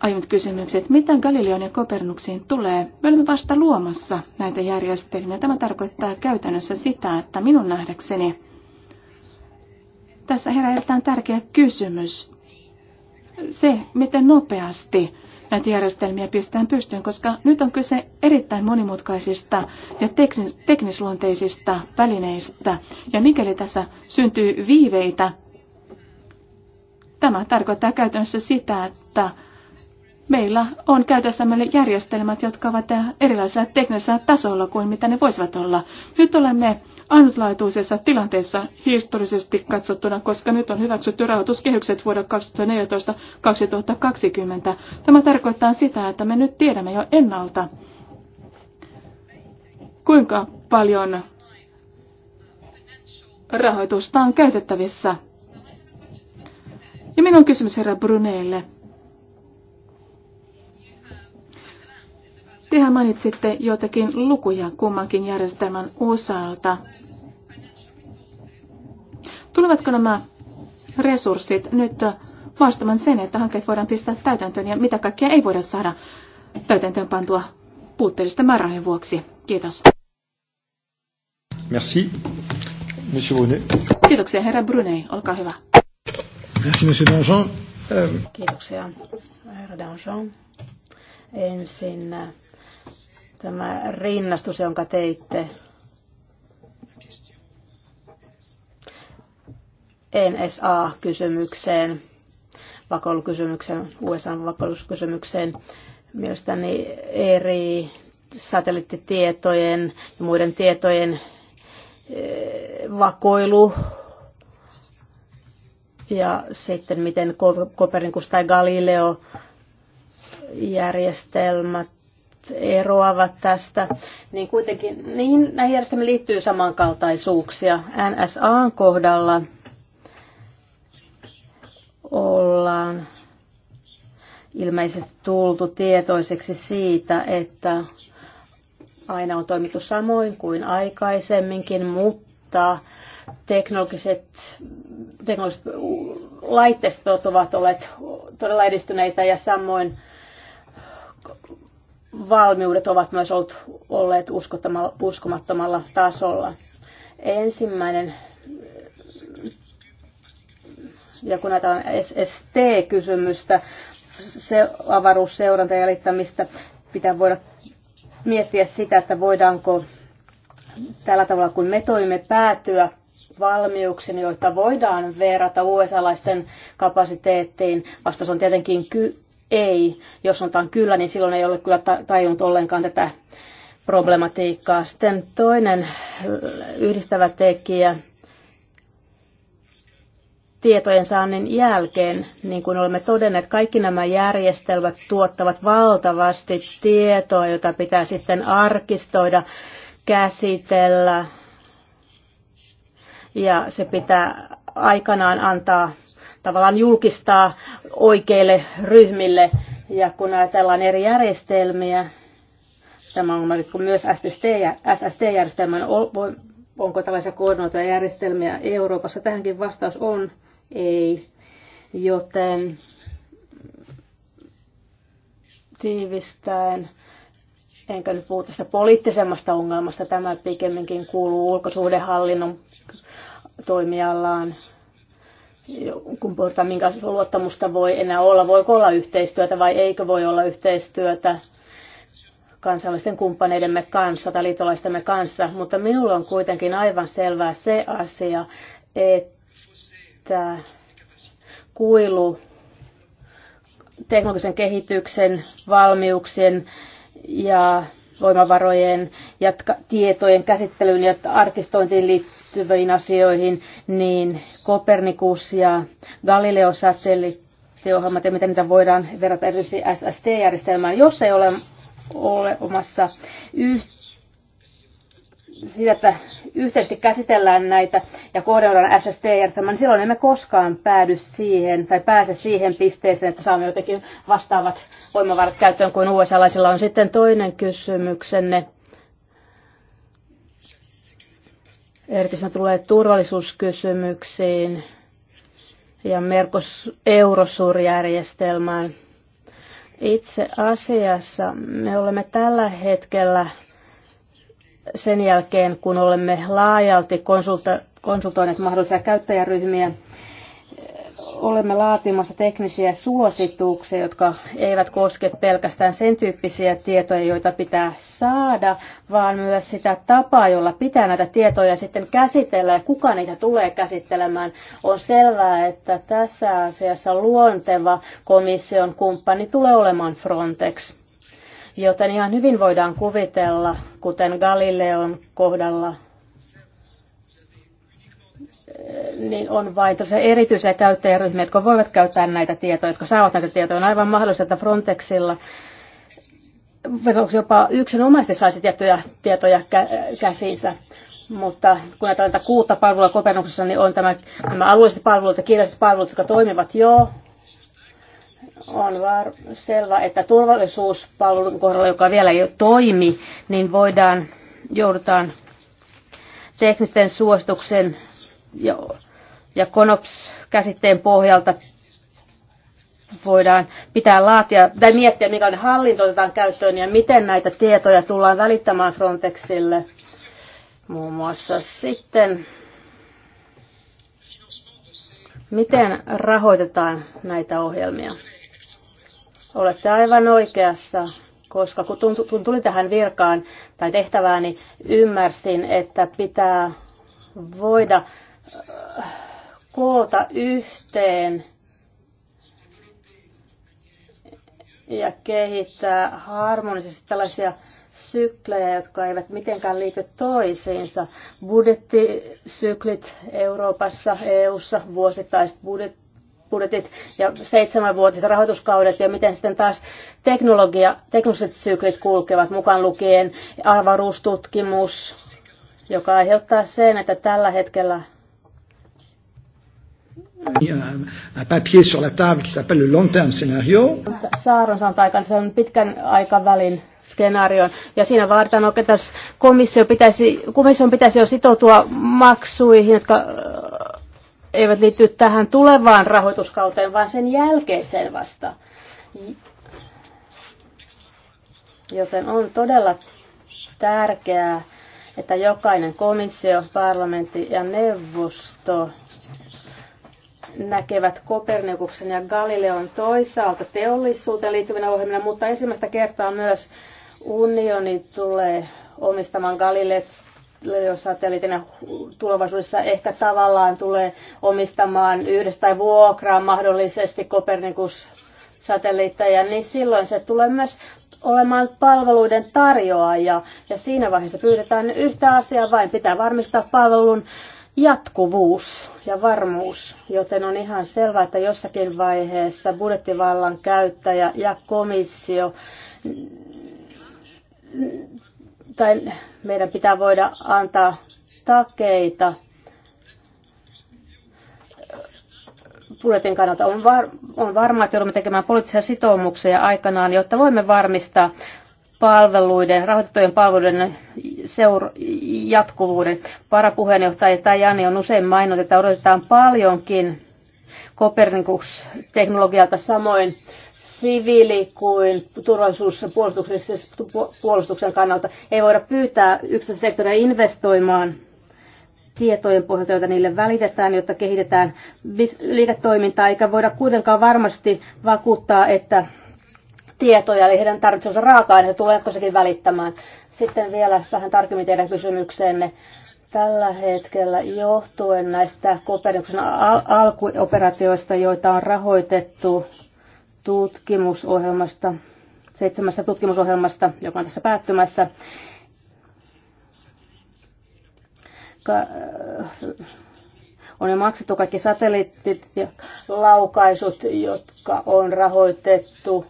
aiemmat kysymykset. Mitä Galileon ja Kopernuksiin tulee? Me olemme vasta luomassa näitä järjestelmiä. Tämä tarkoittaa käytännössä sitä, että minun nähdäkseni tässä erittäin tärkeä kysymys. Se, miten nopeasti näitä järjestelmiä pistetään pystyyn, koska nyt on kyse erittäin monimutkaisista ja teknisluonteisista välineistä. Ja mikäli tässä syntyy viiveitä, tämä tarkoittaa käytännössä sitä, että meillä on käytössämme järjestelmät, jotka ovat erilaisella teknisellä tasolla kuin mitä ne voisivat olla. Nyt olemme ainutlaatuisessa tilanteessa historisesti katsottuna, koska nyt on hyväksytty rahoituskehykset vuodet 2014-2020. Tämä tarkoittaa sitä, että me nyt tiedämme jo ennalta, kuinka paljon rahoitusta on käytettävissä. Ja minun kysymys herra Bruneille. Tehän mainitsitte jotakin lukuja kummankin järjestelmän osalta. Tulevatko nämä resurssit nyt vastaamaan sen, että hankkeet voidaan pistää täytäntöön ja mitä kaikkea ei voida saada täytäntöön pantua puutteellisten määrärahojen vuoksi? Kiitos. Merci. Monsieur Brunet. Kiitoksia, herra Brunet. Olkaa hyvä. Merci, monsieur Danjean. Euh, Kiitoksia, herra Danjean. Ensin äh, tämä rinnastus, jonka teitte NSA-kysymykseen, vakoilukysymykseen, USA-vakoiluskysymykseen. Mielestäni eri satelliittitietojen ja muiden tietojen eh, vakoilu ja sitten miten Kopernikus tai Galileo järjestelmät eroavat tästä, niin kuitenkin niihin, näihin järjestelmiin liittyy samankaltaisuuksia. NSAn kohdalla ollaan ilmeisesti tultu tietoiseksi siitä, että aina on toimittu samoin kuin aikaisemminkin, mutta teknologiset, teknologiset laitteistot ovat olleet todella edistyneitä ja samoin valmiudet ovat myös olleet, olleet uskomattomalla tasolla. Ensimmäinen ja kun näitä on SST-kysymystä, se avaruusseuranta ja jäljittämistä, pitää voida miettiä sitä, että voidaanko tällä tavalla, kun me toimme päätyä valmiuksiin, joita voidaan verrata USA-laisten kapasiteettiin. Vastaus on tietenkin ky- ei. Jos sanotaan kyllä, niin silloin ei ole kyllä tajunnut ollenkaan tätä problematiikkaa. Sitten toinen yhdistävä tekijä tietojen saannin jälkeen, niin kuin olemme todenneet, kaikki nämä järjestelmät tuottavat valtavasti tietoa, jota pitää sitten arkistoida, käsitellä ja se pitää aikanaan antaa tavallaan julkistaa oikeille ryhmille. Ja kun ajatellaan eri järjestelmiä, tämä on kun myös SST-järjestelmän, onko tällaisia koordinoituja järjestelmiä Euroopassa? Tähänkin vastaus on ei. Joten tiivistäen, enkä nyt puhu tästä poliittisemmasta ongelmasta, tämä pikemminkin kuuluu ulkosuhdehallinnon toimialaan kun puhutaan minkälaista luottamusta voi enää olla, voiko olla yhteistyötä vai eikö voi olla yhteistyötä kansainvälisten kumppaneidemme kanssa tai liittolaistemme kanssa, mutta minulle on kuitenkin aivan selvää se asia, että että kuilu teknologisen kehityksen, valmiuksien ja voimavarojen ja tietojen käsittelyyn ja arkistointiin liittyviin asioihin, niin Kopernikus ja Galileo-satelliittiohjelmat ja miten niitä voidaan verrata erityisesti SST-järjestelmään, jos ei ole olemassa yhteen siitä, että yhteisesti käsitellään näitä ja kohdellaan SST-järjestelmää, niin silloin emme koskaan päädy siihen tai pääse siihen pisteeseen, että saamme jotenkin vastaavat voimavarat käyttöön kuin USA-laisilla on. Sitten toinen kysymyksenne. Erityisesti tulee turvallisuuskysymyksiin ja Merkos Eurosur-järjestelmään. Itse asiassa me olemme tällä hetkellä sen jälkeen, kun olemme laajalti konsulta, konsultoineet mahdollisia käyttäjäryhmiä, olemme laatimassa teknisiä suosituksia, jotka eivät koske pelkästään sen tyyppisiä tietoja, joita pitää saada, vaan myös sitä tapaa, jolla pitää näitä tietoja sitten käsitellä ja kuka niitä tulee käsittelemään. On selvää, että tässä asiassa luonteva komission kumppani tulee olemaan Frontex Joten ihan hyvin voidaan kuvitella, kuten Galileon kohdalla, niin on vain erityisiä käyttäjäryhmiä, jotka voivat käyttää näitä tietoja, jotka saavat näitä tietoja. On aivan mahdollista, että Frontexilla jopa yksinomaisesti saisi tiettyjä tietoja käsiinsä mutta kun ajatellaan kuutta palvelua kopennuksessa, niin on tämä, nämä alueelliset palvelut ja kirjalliset palvelut, jotka toimivat jo, on var- selvä, että turvallisuuspalvelun kohdalla, joka vielä ei toimi, niin voidaan, joudutaan teknisten suosituksen ja, ja konops käsitteen pohjalta voidaan pitää laatia tai miettiä, mikä on hallinto otetaan käyttöön ja miten näitä tietoja tullaan välittämään Frontexille muun muassa sitten. Miten rahoitetaan näitä ohjelmia? Olette aivan oikeassa, koska kun tulin tähän virkaan tai tehtävään, niin ymmärsin, että pitää voida äh, koota yhteen ja kehittää harmonisesti tällaisia syklejä, jotka eivät mitenkään liity toisiinsa. Budjettisyklit Euroopassa, EU-ssa, vuosittaiset budjettisyklit budjetit ja seitsemänvuotiset rahoituskaudet ja miten sitten taas teknologia, teknologiset syklit kulkevat mukaan lukien avaruustutkimus, joka aiheuttaa sen, että tällä hetkellä un papier sur la table qui s'appelle le long term scénario Saaron aikana se on pitkän aikavälin skenaario Ja siinä vaaditaan oikein, että komissio pitäisi, komission pitäisi jo sitoutua maksuihin, jotka eivät liitty tähän tulevaan rahoituskauteen, vaan sen jälkeiseen vasta. Joten on todella tärkeää, että jokainen komissio, parlamentti ja neuvosto näkevät Kopernikuksen ja Galileon toisaalta teollisuuteen liittyvinä ohjelmina, mutta ensimmäistä kertaa myös unioni tulee omistamaan Galileet satelliitina tulevaisuudessa ehkä tavallaan tulee omistamaan yhdestä tai vuokraa mahdollisesti Kopernikus satelliitteja, niin silloin se tulee myös olemaan palveluiden tarjoaja. Ja siinä vaiheessa pyydetään yhtä asiaa vain, pitää varmistaa palvelun jatkuvuus ja varmuus, joten on ihan selvää, että jossakin vaiheessa budjettivallan käyttäjä ja komissio tai meidän pitää voida antaa takeita budjetin kannalta. On, var, on varmaa, että joudumme tekemään poliittisia sitoumuksia aikanaan, jotta voimme varmistaa palveluiden, rahoitettujen palveluiden seur- jatkuvuuden. Parapuheenjohtaja Tajani on usein maininnut, että odotetaan paljonkin Kopernikus-teknologialta samoin siviili- kuin turvallisuus- ja puolustuksen kannalta. Ei voida pyytää yksityistä sektoria investoimaan tietojen pohjalta, joita niille välitetään, jotta kehitetään liiketoimintaa, eikä voida kuitenkaan varmasti vakuuttaa, että tietoja, eli heidän tarvitsemansa raaka-aineita tulee jatkossakin välittämään. Sitten vielä vähän tarkemmin teidän kysymykseenne. Tällä hetkellä johtuen näistä Kopernuksen al- alkuoperaatioista, joita on rahoitettu tutkimusohjelmasta, seitsemästä tutkimusohjelmasta, joka on tässä päättymässä. Ka- on jo maksettu kaikki satelliittit ja laukaisut, jotka on rahoitettu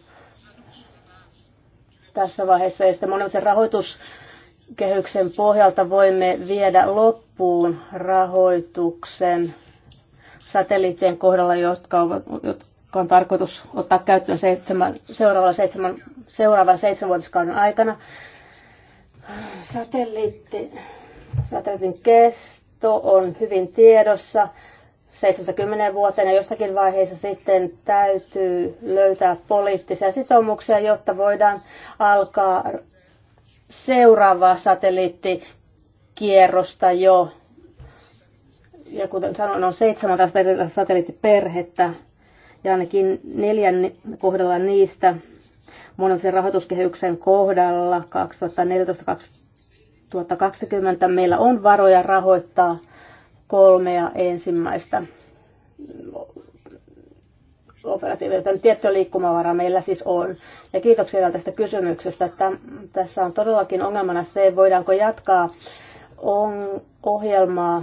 tässä vaiheessa. Ja sitten monen rahoituskehyksen pohjalta voimme viedä loppuun rahoituksen satelliittien kohdalla, jotka ovat, on tarkoitus ottaa käyttöön seitsemän, seuraavan, seitsemän, seuraavan seitsemänvuotiskauden aikana. Satelliitti, satelliitin kesto on hyvin tiedossa 70 vuoteen ja jossakin vaiheessa sitten täytyy löytää poliittisia sitoumuksia, jotta voidaan alkaa seuraavaa satelliittikierrosta jo. Ja kuten sanoin, on seitsemän satelliittiperhettä ja ainakin neljän kohdalla niistä monenlaisen rahoituskehyksen kohdalla 2014-2020 meillä on varoja rahoittaa kolmea ensimmäistä operatiivista. Tietty liikkumavaraa meillä siis on. Ja kiitoksia vielä tästä kysymyksestä. tässä on todellakin ongelmana se, voidaanko jatkaa ohjelmaa 10-15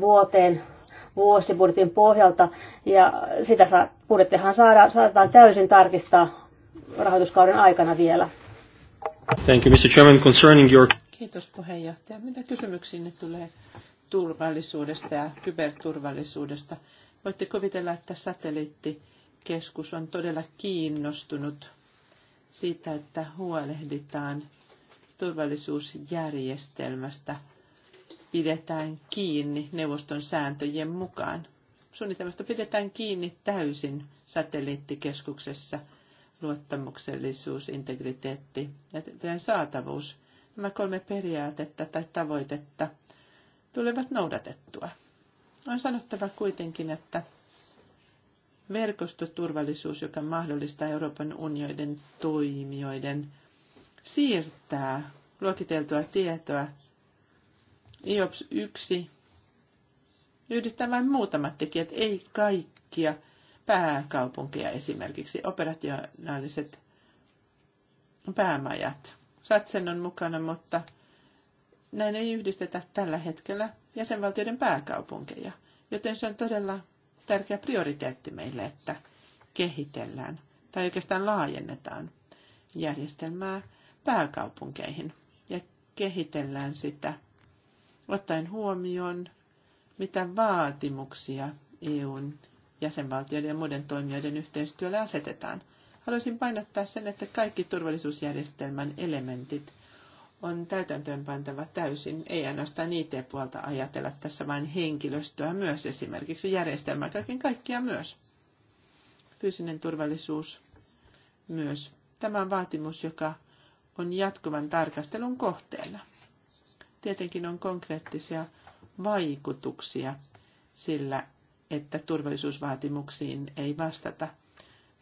vuoteen vuosibudjetin pohjalta, ja sitä saa, budjettihan saada, saadaan täysin tarkistaa rahoituskauden aikana vielä. Thank you, Mr. Chairman. Concerning your... Kiitos puheenjohtaja. Mitä kysymyksiin tulee turvallisuudesta ja kyberturvallisuudesta? Voitte kuvitella, että satelliittikeskus on todella kiinnostunut siitä, että huolehditaan turvallisuusjärjestelmästä – pidetään kiinni neuvoston sääntöjen mukaan. Suunnitelmasta pidetään kiinni täysin satelliittikeskuksessa luottamuksellisuus, integriteetti ja tietojen saatavuus. Nämä kolme periaatetta tai tavoitetta tulevat noudatettua. On sanottava kuitenkin, että verkostoturvallisuus, joka mahdollistaa Euroopan unioiden toimijoiden siirtää luokiteltua tietoa IOPS 1 yhdistää vain muutamat tekijät, ei kaikkia pääkaupunkeja esimerkiksi, operationaaliset päämajat. Satsen on mukana, mutta näin ei yhdistetä tällä hetkellä jäsenvaltioiden pääkaupunkeja, joten se on todella tärkeä prioriteetti meille, että kehitellään tai oikeastaan laajennetaan järjestelmää pääkaupunkeihin ja kehitellään sitä – ottaen huomioon, mitä vaatimuksia EUn jäsenvaltioiden ja muiden toimijoiden yhteistyölle asetetaan. Haluaisin painottaa sen, että kaikki turvallisuusjärjestelmän elementit on täytäntöönpantava täysin. Ei ainoastaan IT-puolta ajatella tässä, vain henkilöstöä myös esimerkiksi järjestelmää, kaiken kaikkia myös. Fyysinen turvallisuus myös. Tämä on vaatimus, joka on jatkuvan tarkastelun kohteena tietenkin on konkreettisia vaikutuksia sillä, että turvallisuusvaatimuksiin ei vastata.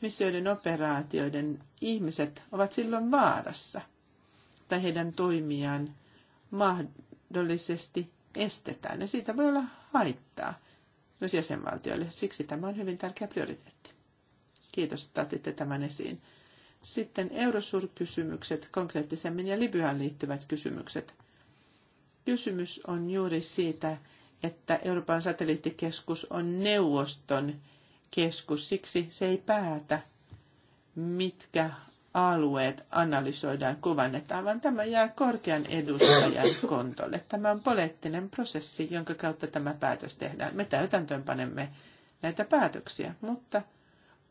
Missioiden operaatioiden ihmiset ovat silloin vaarassa, tai heidän toimiaan mahdollisesti estetään, ja siitä voi olla haittaa myös jäsenvaltioille. Siksi tämä on hyvin tärkeä prioriteetti. Kiitos, että otitte tämän esiin. Sitten Eurosur-kysymykset konkreettisemmin ja Libyaan liittyvät kysymykset – Kysymys on juuri siitä, että Euroopan satelliittikeskus on neuvoston keskus, siksi se ei päätä, mitkä alueet analysoidaan, kuvannetaan, vaan tämä jää korkean edustajan kontolle. Tämä on poliittinen prosessi, jonka kautta tämä päätös tehdään. Me täytäntöönpanemme näitä päätöksiä, mutta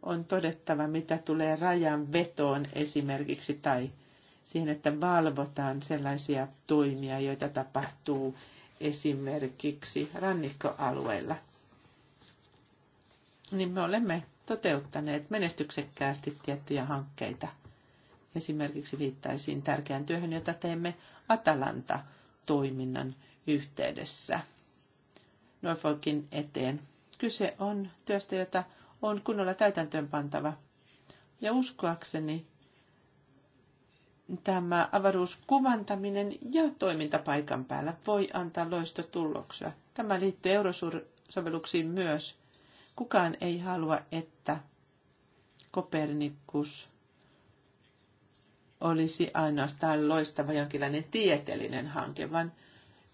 on todettava, mitä tulee rajan vetoon esimerkiksi tai siihen, että valvotaan sellaisia toimia, joita tapahtuu esimerkiksi rannikkoalueilla. Niin me olemme toteuttaneet menestyksekkäästi tiettyjä hankkeita. Esimerkiksi viittaisiin tärkeään työhön, jota teemme Atalanta-toiminnan yhteydessä Norfolkin eteen. Kyse on työstä, jota on kunnolla täytäntöönpantava. Ja uskoakseni tämä avaruuskuvantaminen ja toiminta paikan päällä voi antaa loistotuloksia. Tämä liittyy eurosovelluksiin myös. Kukaan ei halua, että Kopernikus olisi ainoastaan loistava jonkinlainen tieteellinen hanke, vaan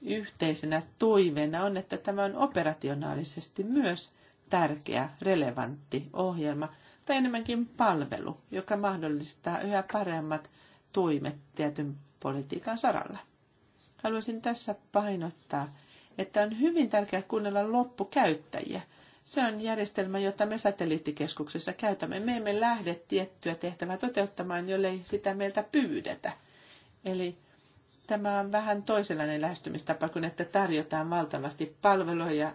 yhteisenä toiveena on, että tämä on operationaalisesti myös tärkeä, relevantti ohjelma tai enemmänkin palvelu, joka mahdollistaa yhä paremmat – toimet tietyn politiikan saralla. Haluaisin tässä painottaa, että on hyvin tärkeää kuunnella loppukäyttäjiä. Se on järjestelmä, jota me satelliittikeskuksessa käytämme. Me emme lähde tiettyä tehtävää toteuttamaan, jollei sitä meiltä pyydetä. Eli tämä on vähän toisenlainen lähestymistapa kuin, että tarjotaan valtavasti palveluja ja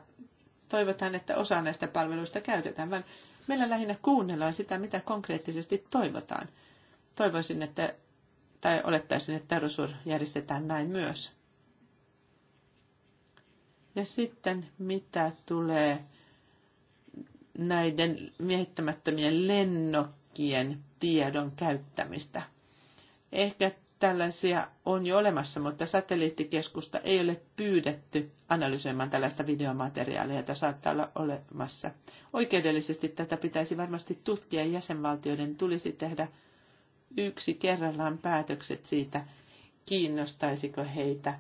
toivotaan, että osa näistä palveluista käytetään, vaan meillä lähinnä kuunnellaan sitä, mitä konkreettisesti toivotaan. Toivoisin, että tai olettaisin, että tarusur järjestetään näin myös. Ja sitten mitä tulee näiden miehittämättömien lennokkien tiedon käyttämistä. Ehkä tällaisia on jo olemassa, mutta satelliittikeskusta ei ole pyydetty analysoimaan tällaista videomateriaalia, jota saattaa olla olemassa. Oikeudellisesti tätä pitäisi varmasti tutkia ja jäsenvaltioiden tulisi tehdä yksi kerrallaan päätökset siitä, kiinnostaisiko heitä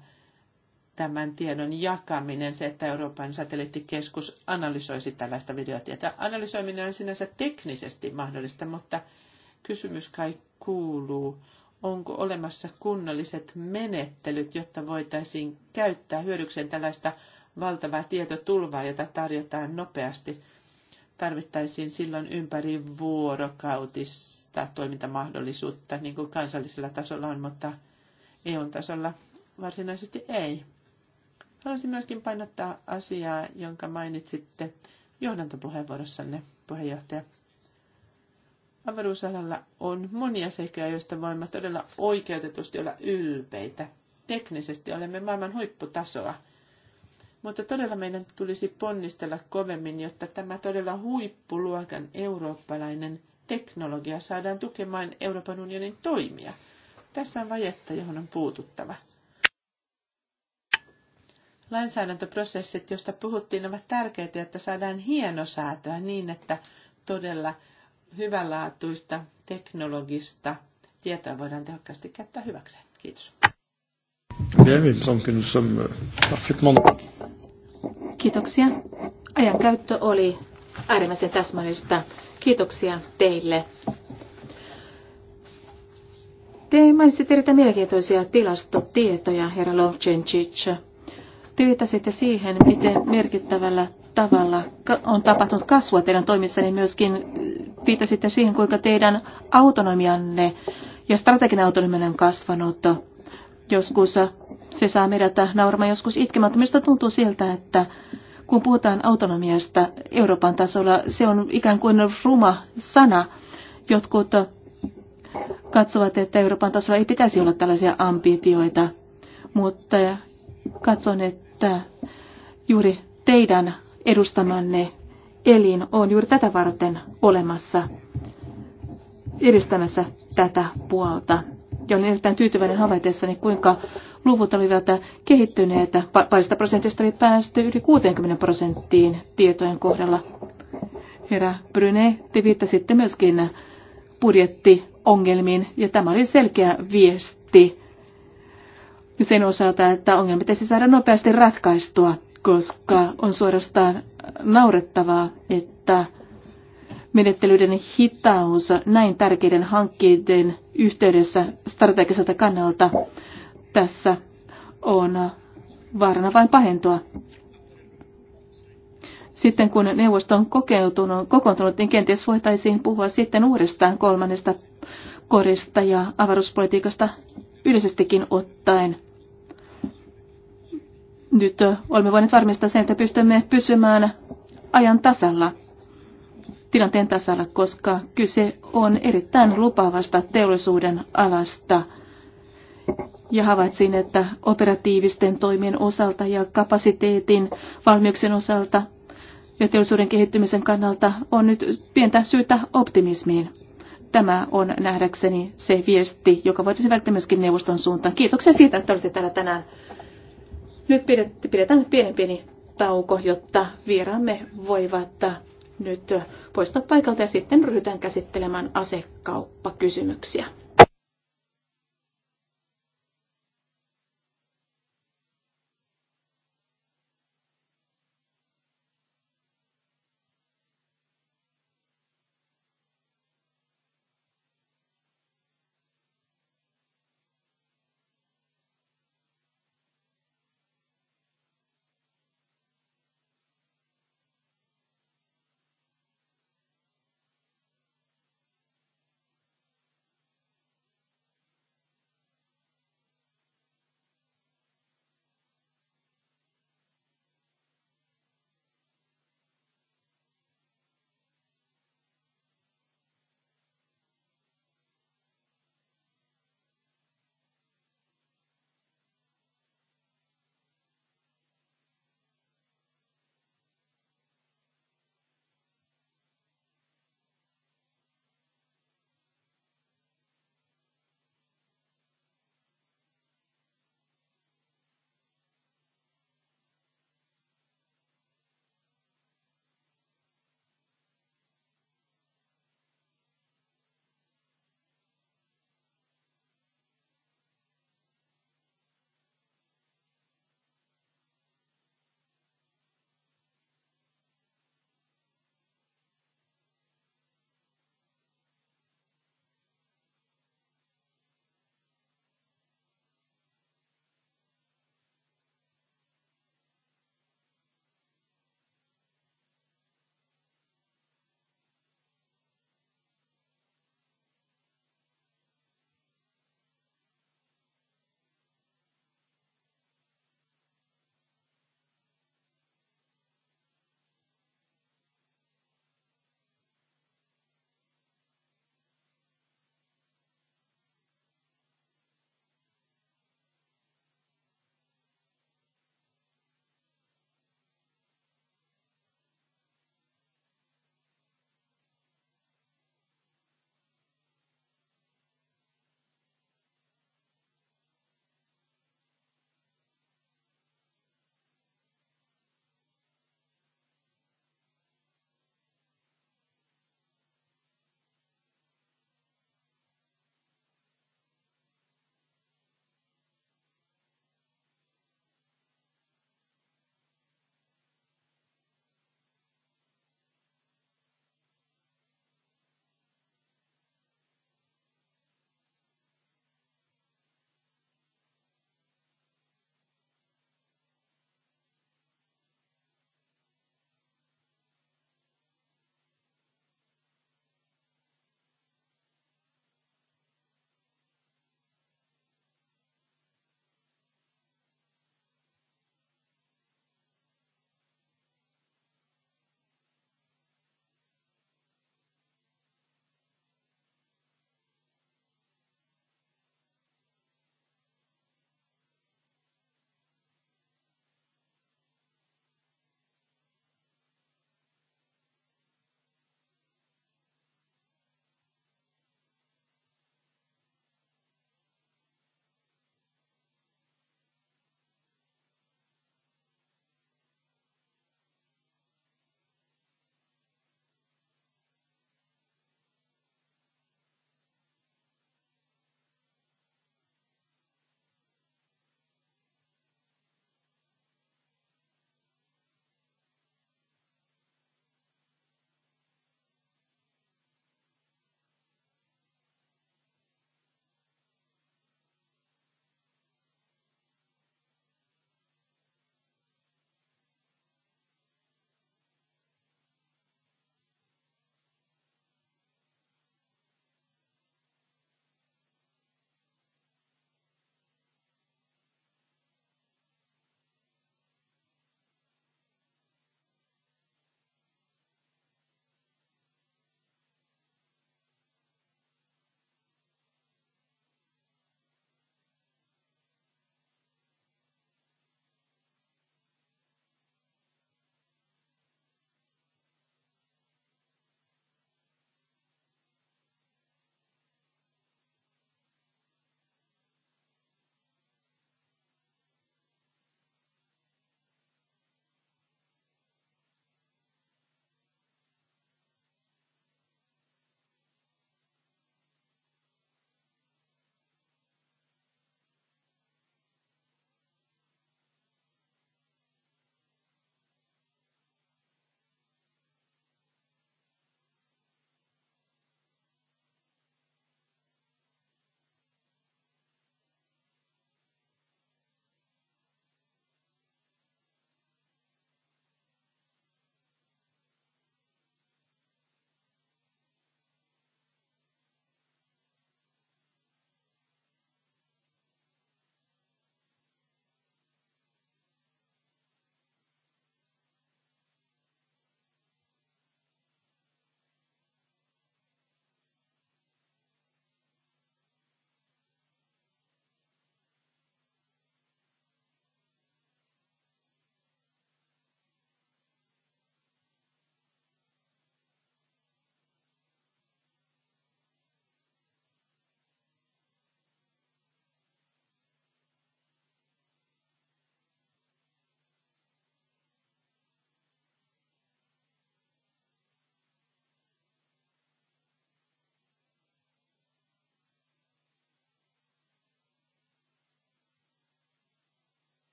tämän tiedon jakaminen, se, että Euroopan satelliittikeskus analysoisi tällaista videotietoa. Analysoiminen on sinänsä teknisesti mahdollista, mutta kysymys kai kuuluu, onko olemassa kunnolliset menettelyt, jotta voitaisiin käyttää hyödykseen tällaista valtavaa tietotulvaa, jota tarjotaan nopeasti tarvittaisiin silloin ympäri vuorokautista toimintamahdollisuutta, niin kuin kansallisella tasolla on, mutta EU-tasolla varsinaisesti ei. Haluaisin myöskin painottaa asiaa, jonka mainitsitte johdantopuheenvuorossanne, puheenjohtaja. Avaruusalalla on monia seikkoja, joista voimme todella oikeutetusti olla ylpeitä. Teknisesti olemme maailman huipputasoa – mutta todella meidän tulisi ponnistella kovemmin, jotta tämä todella huippuluokan eurooppalainen teknologia saadaan tukemaan Euroopan unionin toimia. Tässä on vajetta, johon on puututtava. Lainsäädäntöprosessit, joista puhuttiin, ovat tärkeitä, että saadaan hienosäätöä niin, että todella hyvänlaatuista teknologista tietoa voidaan tehokkaasti käyttää hyväksi. Kiitos. Bien, il me semble que nous sommes euh, parfaitement Kiitoksia. Ajan käyttö oli äärimmäisen täsmällistä. Kiitoksia teille. Te mainitsitte erittäin mielenkiintoisia tilastotietoja, herra Lovchenchich. Te viittasitte siihen, miten merkittävällä tavalla on tapahtunut kasvua teidän toimissanne myöskin äh, viittasitte siihen, kuinka teidän autonomianne ja strateginen autonomianne on kasvanut. Joskus se saa meidät nauramaan joskus itkemään. Minusta tuntuu siltä, että kun puhutaan autonomiasta Euroopan tasolla, se on ikään kuin ruma sana. Jotkut katsovat, että Euroopan tasolla ei pitäisi olla tällaisia ambitioita, mutta katson, että juuri teidän edustamanne elin on juuri tätä varten olemassa edistämässä tätä puolta. Ja olen erittäin tyytyväinen havaitessani, kuinka luvut olivat kehittyneet. Parista prosentista oli päästy yli 60 prosenttiin tietojen kohdalla. Herra Bryne, te viittasitte myöskin budjettiongelmiin, ja tämä oli selkeä viesti sen osalta, että ongelma pitäisi saada nopeasti ratkaistua, koska on suorastaan naurettavaa, että menettelyiden hitaus näin tärkeiden hankkeiden yhteydessä strategiselta kannalta tässä on vaarana vain pahentua. Sitten kun neuvosto on kokeutunut, kokoontunut, niin kenties voitaisiin puhua sitten uudestaan kolmannesta korista ja avaruuspolitiikasta yleisestikin ottaen. Nyt olemme voineet varmistaa sen, että pystymme pysymään ajan tasalla, tilanteen tasalla, koska kyse on erittäin lupaavasta teollisuuden alasta – ja havaitsin, että operatiivisten toimien osalta ja kapasiteetin valmiuksen osalta ja teollisuuden kehittymisen kannalta on nyt pientä syytä optimismiin. Tämä on nähdäkseni se viesti, joka voitaisiin välttää myöskin neuvoston suuntaan. Kiitoksia siitä, että olette täällä tänään. Nyt pidetään pienen pieni tauko, jotta vieraamme voivat nyt poistua paikalta ja sitten ryhdytään käsittelemään asekauppakysymyksiä.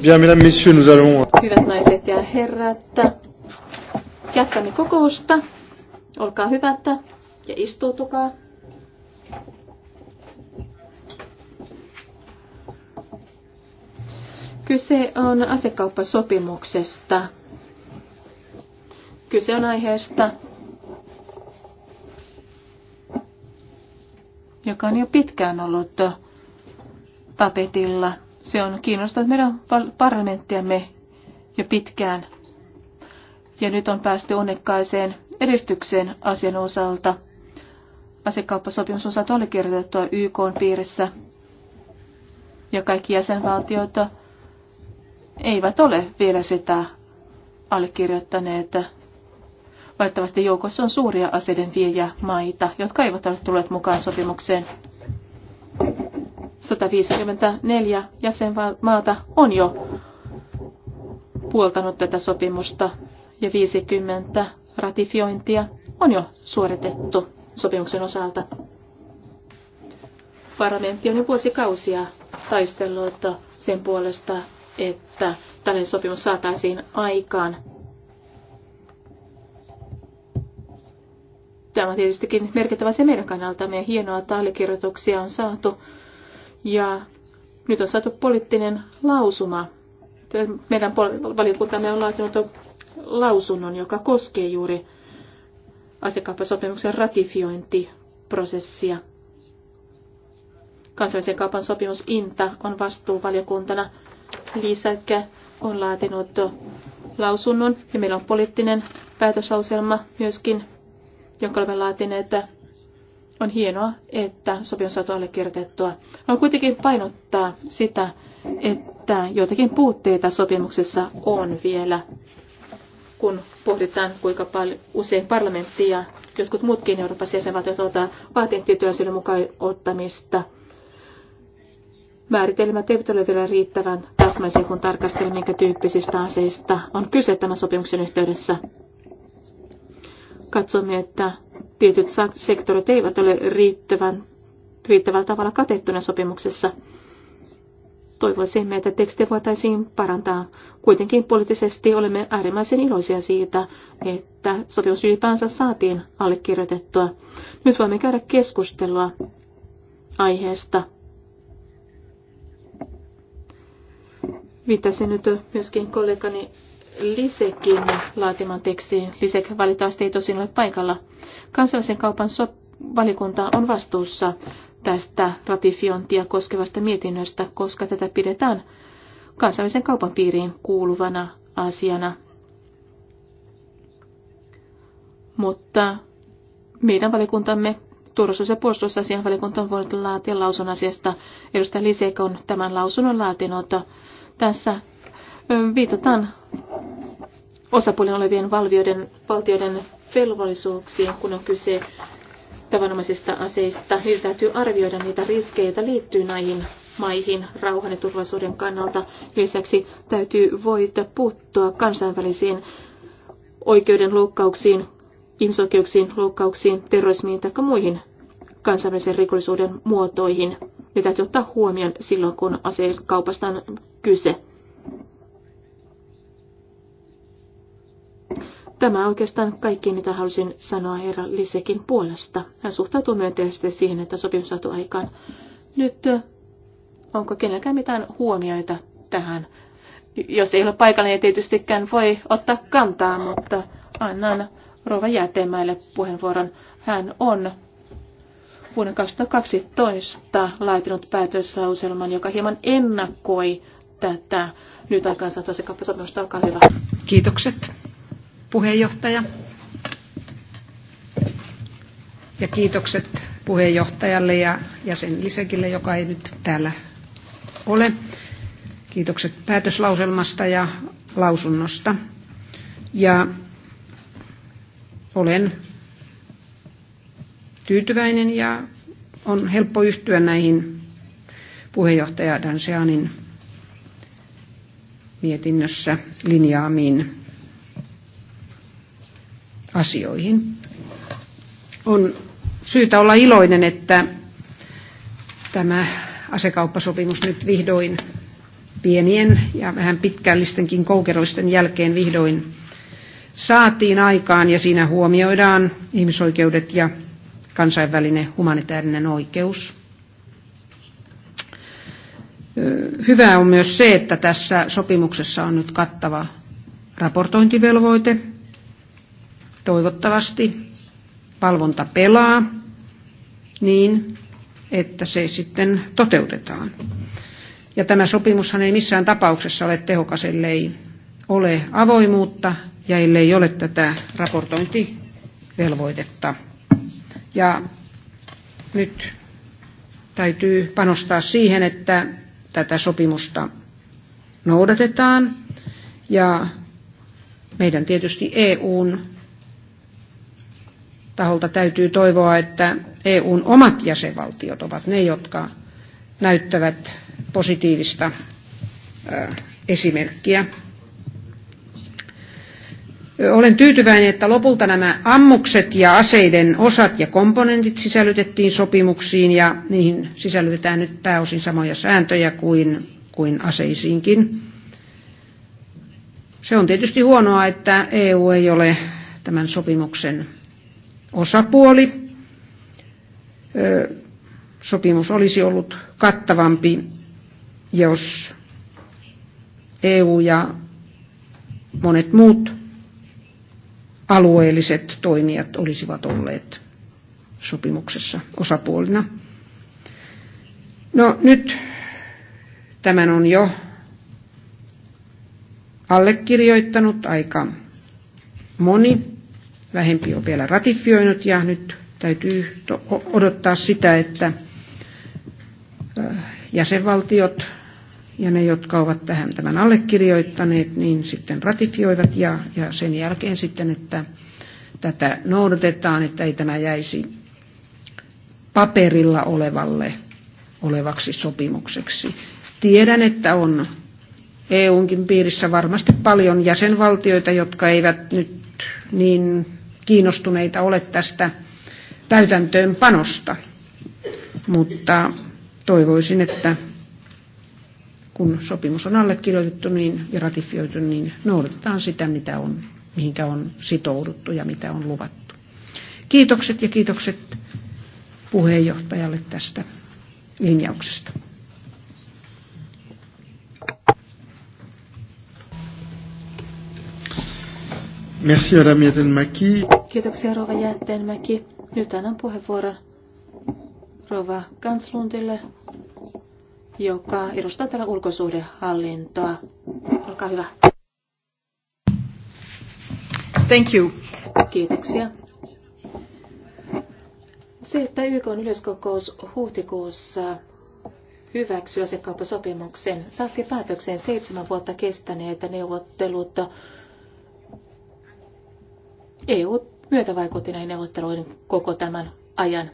Bien, mesdames, messieurs, nous allons... Euh, hyvät naiset ja herrat, jatkamme kokousta. Olkaa hyvät ja istuutukaa. Kyse on asekauppasopimuksesta. Kyse on aiheesta, joka on jo pitkään ollut tapetilla – se on kiinnostanut meidän parlamenttiamme jo pitkään. Ja nyt on päästy onnekkaiseen edistykseen asian osalta. Asiakauppasopimus on saatu allekirjoitettua YK piirissä. Ja kaikki jäsenvaltiot eivät ole vielä sitä allekirjoittaneet. Valitettavasti joukossa on suuria aseiden viejä maita, jotka eivät ole tulleet mukaan sopimukseen. 154 jäsenmaata on jo puoltanut tätä sopimusta ja 50 ratifiointia on jo suoritettu sopimuksen osalta. Parlamentti on jo vuosikausia taistellut sen puolesta, että tällainen sopimus saataisiin aikaan. Tämä on tietystikin merkittävä se meidän kannaltamme hienoa, että allekirjoituksia on saatu ja nyt on saatu poliittinen lausuma. Meidän valiokuntamme on laatinut lausunnon, joka koskee juuri asiakauppasopimuksen ratifiointiprosessia. Kansainvälisen kaupan sopimus INTA on vastuuvaliokuntana. Liisäkkä on laatinut lausunnon ja meillä on poliittinen päätösauselma myöskin, jonka olemme laatineet on hienoa, että sopimus saatu allekirjoitettua. Haluan kuitenkin painottaa sitä, että joitakin puutteita sopimuksessa on vielä, kun pohditaan, kuinka paljon usein parlamentti ja jotkut muutkin Euroopan jäsenvaltiot ovat patenttityösille mukaan ottamista. Määritelmät eivät ole vielä riittävän täsmäisiä, kun tarkastelee, minkä tyyppisistä aseista on kyse tämän sopimuksen yhteydessä. Katsomme, että tietyt sektorit eivät ole riittävän, riittävällä tavalla katettuna sopimuksessa. Toivoisimme, että tekstiä voitaisiin parantaa. Kuitenkin poliittisesti olemme äärimmäisen iloisia siitä, että sopimus ylipäänsä saatiin allekirjoitettua. Nyt voimme käydä keskustelua aiheesta. Viittasin nyt myöskin kollegani Lisekin laatiman teksti. Lisek valitaan ei tosin ole paikalla. Kansainvälisen kaupan sop- valikunta on vastuussa tästä ratifiointia koskevasta mietinnöstä, koska tätä pidetään kansainvälisen kaupan piiriin kuuluvana asiana. Mutta meidän valikuntamme turvallisuus- ja puolustusasian valikunta on voinut laatia lausun asiasta. Edustaja Lisek on tämän lausunnon laatinut. Tässä viitataan osapuolen olevien valvioiden, valtioiden velvollisuuksiin, kun on kyse tavanomaisista aseista. Niitä täytyy arvioida niitä riskejä, joita liittyy näihin maihin rauhan ja turvallisuuden kannalta. Lisäksi täytyy voida puuttua kansainvälisiin oikeuden loukkauksiin, ihmisoikeuksiin loukkauksiin, terrorismiin tai muihin kansainvälisen rikollisuuden muotoihin. Ne täytyy ottaa huomioon silloin, kun aseen kaupasta on kyse. Tämä on oikeastaan kaikki, mitä halusin sanoa herra Lisekin puolesta. Hän suhtautuu myönteisesti siihen, että sopimus saatu aikaan. Nyt onko kenelläkään mitään huomioita tähän? Jos ei ole paikalla, niin tietystikään voi ottaa kantaa, mutta annan Rova Jäätemäelle puheenvuoron. Hän on vuonna 2012 laitinut päätöslauselman, joka hieman ennakoi tätä nyt saattaa se kappasopimusta, Olkaa hyvä. Kiitokset puheenjohtaja. Ja kiitokset puheenjohtajalle ja jäsenlisekille, joka ei nyt täällä ole. Kiitokset päätöslauselmasta ja lausunnosta. Ja olen tyytyväinen ja on helppo yhtyä näihin puheenjohtaja Dansianin mietinnössä linjaamiin asioihin. On syytä olla iloinen, että tämä asekauppasopimus nyt vihdoin pienien ja vähän pitkällistenkin koukeroisten jälkeen vihdoin saatiin aikaan ja siinä huomioidaan ihmisoikeudet ja kansainvälinen humanitaarinen oikeus. Hyvää on myös se, että tässä sopimuksessa on nyt kattava raportointivelvoite Toivottavasti valvonta pelaa niin, että se sitten toteutetaan. Ja tämä sopimushan ei missään tapauksessa ole tehokas, ellei ole avoimuutta ja ellei ole tätä raportointivelvoitetta. Ja nyt täytyy panostaa siihen, että tätä sopimusta noudatetaan ja meidän tietysti EUn taholta täytyy toivoa, että EUn omat jäsenvaltiot ovat ne, jotka näyttävät positiivista esimerkkiä. Olen tyytyväinen, että lopulta nämä ammukset ja aseiden osat ja komponentit sisällytettiin sopimuksiin ja niihin sisällytetään nyt pääosin samoja sääntöjä kuin, kuin aseisiinkin. Se on tietysti huonoa, että EU ei ole tämän sopimuksen osapuoli. Sopimus olisi ollut kattavampi, jos EU ja monet muut alueelliset toimijat olisivat olleet sopimuksessa osapuolina. No nyt tämän on jo allekirjoittanut aika moni vähempi on vielä ratifioinut ja nyt täytyy odottaa sitä, että äh, jäsenvaltiot ja ne, jotka ovat tähän tämän allekirjoittaneet, niin sitten ratifioivat ja, ja sen jälkeen sitten, että tätä noudatetaan, että ei tämä jäisi paperilla olevalle olevaksi sopimukseksi. Tiedän, että on EUnkin piirissä varmasti paljon jäsenvaltioita, jotka eivät nyt niin kiinnostuneita ole tästä täytäntöönpanosta, mutta toivoisin, että kun sopimus on allekirjoitettu niin, ja ratifioitu, niin noudatetaan sitä, mitä on, mihinkä on sitouduttu ja mitä on luvattu. Kiitokset ja kiitokset puheenjohtajalle tästä linjauksesta. Merci, Madame Jätenmäki. Kiitoksia, Rova Jätenmäki. Nyt annan puheenvuoron Rova Kanslundille, joka edustaa täällä ulkosuhdehallintoa. Olkaa hyvä. Thank you. Kiitoksia. Se, että YK on yleiskokous huhtikuussa hyväksyi asekauppasopimuksen, saatti päätökseen seitsemän vuotta kestäneitä neuvottelut EU myötävaikutti näihin neuvotteluihin koko tämän ajan.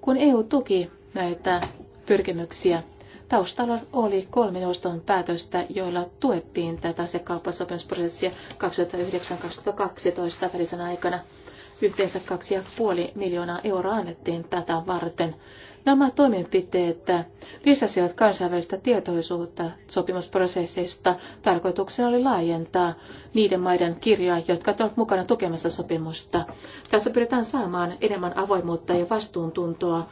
Kun EU tuki näitä pyrkimyksiä, taustalla oli kolme neuvoston päätöstä, joilla tuettiin tätä asekauppasopimusprosessia 2009-2012 välisenä aikana. Yhteensä 2,5 miljoonaa euroa annettiin tätä varten. Nämä toimenpiteet lisäsivät kansainvälistä tietoisuutta sopimusprosessista. Tarkoituksena oli laajentaa niiden maiden kirjaa, jotka ovat mukana tukemassa sopimusta. Tässä pyritään saamaan enemmän avoimuutta ja vastuuntuntoa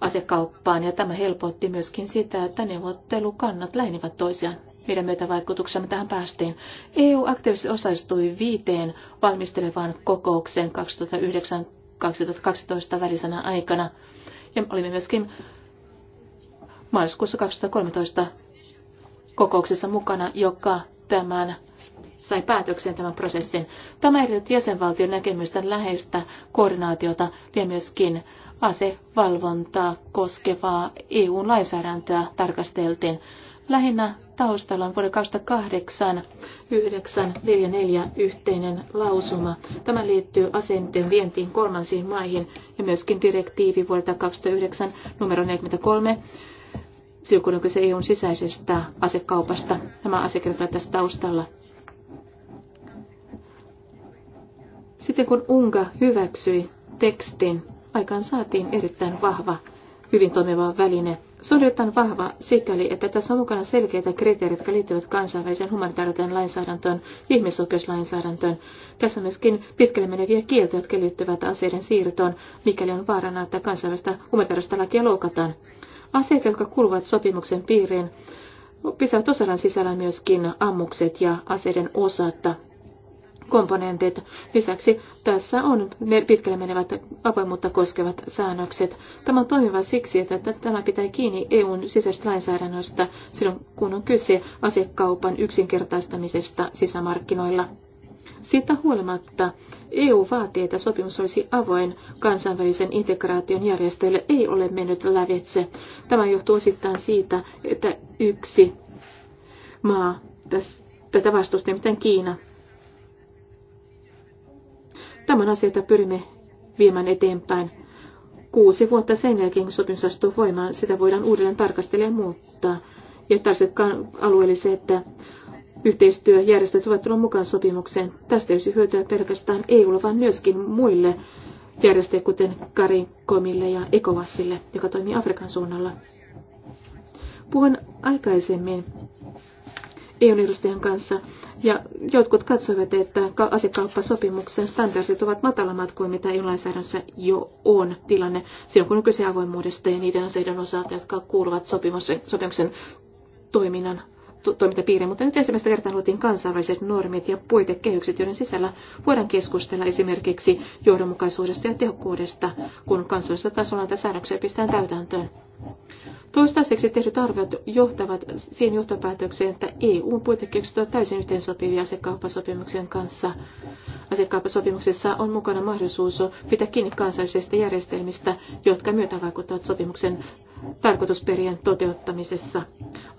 asekauppaan, ja tämä helpotti myöskin sitä, että neuvottelukannat lähenivät toisiaan. Meidän myötävaikutuksemme tähän päästiin. EU aktiivisesti osallistui viiteen valmistelevaan kokoukseen 2009 2012 välisenä aikana. Ja olimme myöskin maaliskuussa 2013 kokouksessa mukana, joka tämän sai päätökseen tämän prosessin. Tämä edellytti jäsenvaltion näkemystä läheistä koordinaatiota ja myöskin asevalvontaa koskevaa EU-lainsäädäntöä tarkasteltiin. Lähinnä taustalla on vuoden 2008 944 yhteinen lausuma. Tämä liittyy asenteen vientiin kolmansiin maihin ja myöskin direktiivi vuodelta 2009 numero 43 silloin kun se EUn sisäisestä asekaupasta. Nämä asiakirjat tässä taustalla. Sitten kun Unga hyväksyi tekstin, aikaan saatiin erittäin vahva, hyvin toimiva väline – se on vahva sikäli, että tässä on mukana selkeitä kriteerit, jotka liittyvät kansainväliseen humanitaariseen lainsäädäntöön, ihmisoikeuslainsäädäntöön. Tässä on myöskin pitkälle meneviä kieltoja, jotka liittyvät aseiden siirtoon, mikäli on vaarana, että kansainvälistä humanitaarista lakia loukataan. Aseet, jotka kuuluvat sopimuksen piiriin, pisävät osallaan sisällä myöskin ammukset ja aseiden osatta komponentit. Lisäksi tässä on pitkälle menevät avoimuutta koskevat säännökset. Tämä on toimiva siksi, että tämä pitää kiinni EUn sisäisestä lainsäädännöstä silloin, kun on kyse asiakkaupan yksinkertaistamisesta sisämarkkinoilla. Siitä huolimatta EU vaatii, että sopimus olisi avoin kansainvälisen integraation järjestöille ei ole mennyt lävitse. Tämä johtuu osittain siitä, että yksi maa tästä, tätä vastusti, miten Kiina Tämän asioita pyrimme viemään eteenpäin. Kuusi vuotta sen jälkeen, kun sopimus astuu voimaan, sitä voidaan uudelleen tarkastella ja muuttaa. Ja tarvitsetkaan että yhteistyöjärjestöt ovat tulla mukaan sopimukseen. Tästä olisi hyötyä pelkästään EUlle, vaan myöskin muille järjestöille, kuten Karikomille ja Ekovassille, joka toimii Afrikan suunnalla. Puhun aikaisemmin EU-edustajan kanssa. Ja jotkut katsoivat, että asekauppasopimuksen standardit ovat matalammat kuin mitä EU-lainsäädännössä jo on tilanne silloin, kun on kyse avoimuudesta ja niiden aseiden osalta, jotka kuuluvat sopimuksen, sopimuksen toiminnan toimintapiiriin. mutta nyt ensimmäistä kertaa luotiin kansainväliset normit ja puitekehykset, joiden sisällä voidaan keskustella esimerkiksi johdonmukaisuudesta ja tehokkuudesta, kun kansallisella tasolla näitä säädöksiä pistetään täytäntöön. Toistaiseksi tehdyt arviot johtavat siihen johtopäätökseen, että EUn puitekehykset ovat täysin yhteensopivia asekauppasopimuksen kanssa. Asekauppasopimuksessa on mukana mahdollisuus pitää kiinni kansallisista järjestelmistä, jotka myötävaikuttavat sopimuksen tarkoitusperien toteuttamisessa.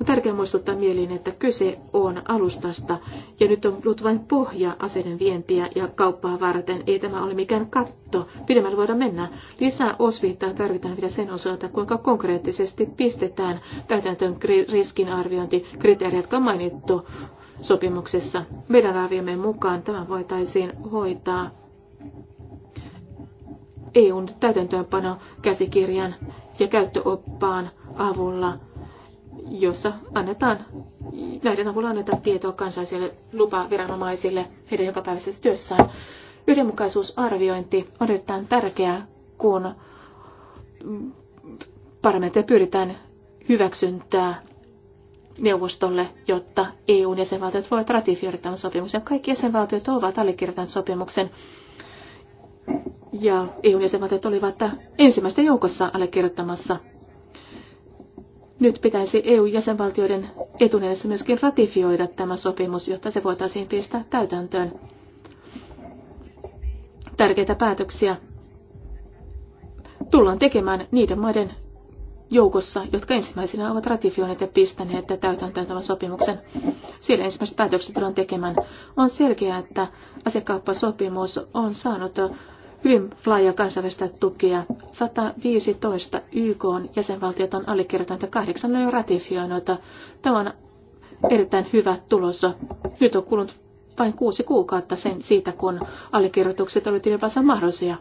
On tärkeää muistuttaa mieliin, että kyse on alustasta ja nyt on ollut vain pohja aseiden vientiä ja kauppaa varten. Ei tämä ole mikään katto sovittu. Pidemmälle voidaan mennä. Lisää osviittaa tarvitaan vielä sen osalta, kuinka konkreettisesti pistetään täytäntöön riskinarviointikriteerit, jotka on mainittu sopimuksessa. Meidän arviomme mukaan tämä voitaisiin hoitaa EUn täytäntöönpano käsikirjan ja käyttöoppaan avulla, jossa annetaan, näiden avulla annetaan tietoa kansallisille lupaviranomaisille heidän jokapäiväisessä työssään. Yhdenmukaisuusarviointi on erittäin tärkeää, kun parlamentteja pyritään hyväksyntää neuvostolle, jotta EUn jäsenvaltiot voivat ratifioida tämän sopimuksen. Kaikki jäsenvaltiot ovat allekirjoittaneet sopimuksen. Ja EUn jäsenvaltiot olivat ensimmäisten joukossa allekirjoittamassa. Nyt pitäisi EU-jäsenvaltioiden etunenässä myöskin ratifioida tämä sopimus, jotta se voitaisiin pistää täytäntöön. Tärkeitä päätöksiä tullaan tekemään niiden maiden joukossa, jotka ensimmäisenä ovat ratifioineet ja pistäneet täytäntöön tämän sopimuksen. Siellä ensimmäiset päätökset tullaan tekemään. On selkeää, että asiakauppasopimus on saanut hyvin laaja kansainvälistä tukea. 115 YK on jäsenvaltiot on allekirjoittanut ja kahdeksan on jo ratifioinut. Tämä on erittäin hyvä tulos. Nyt on kulunut vain kuusi kuukautta sen siitä, kun allekirjoitukset olivat ylipäänsä mahdollisia.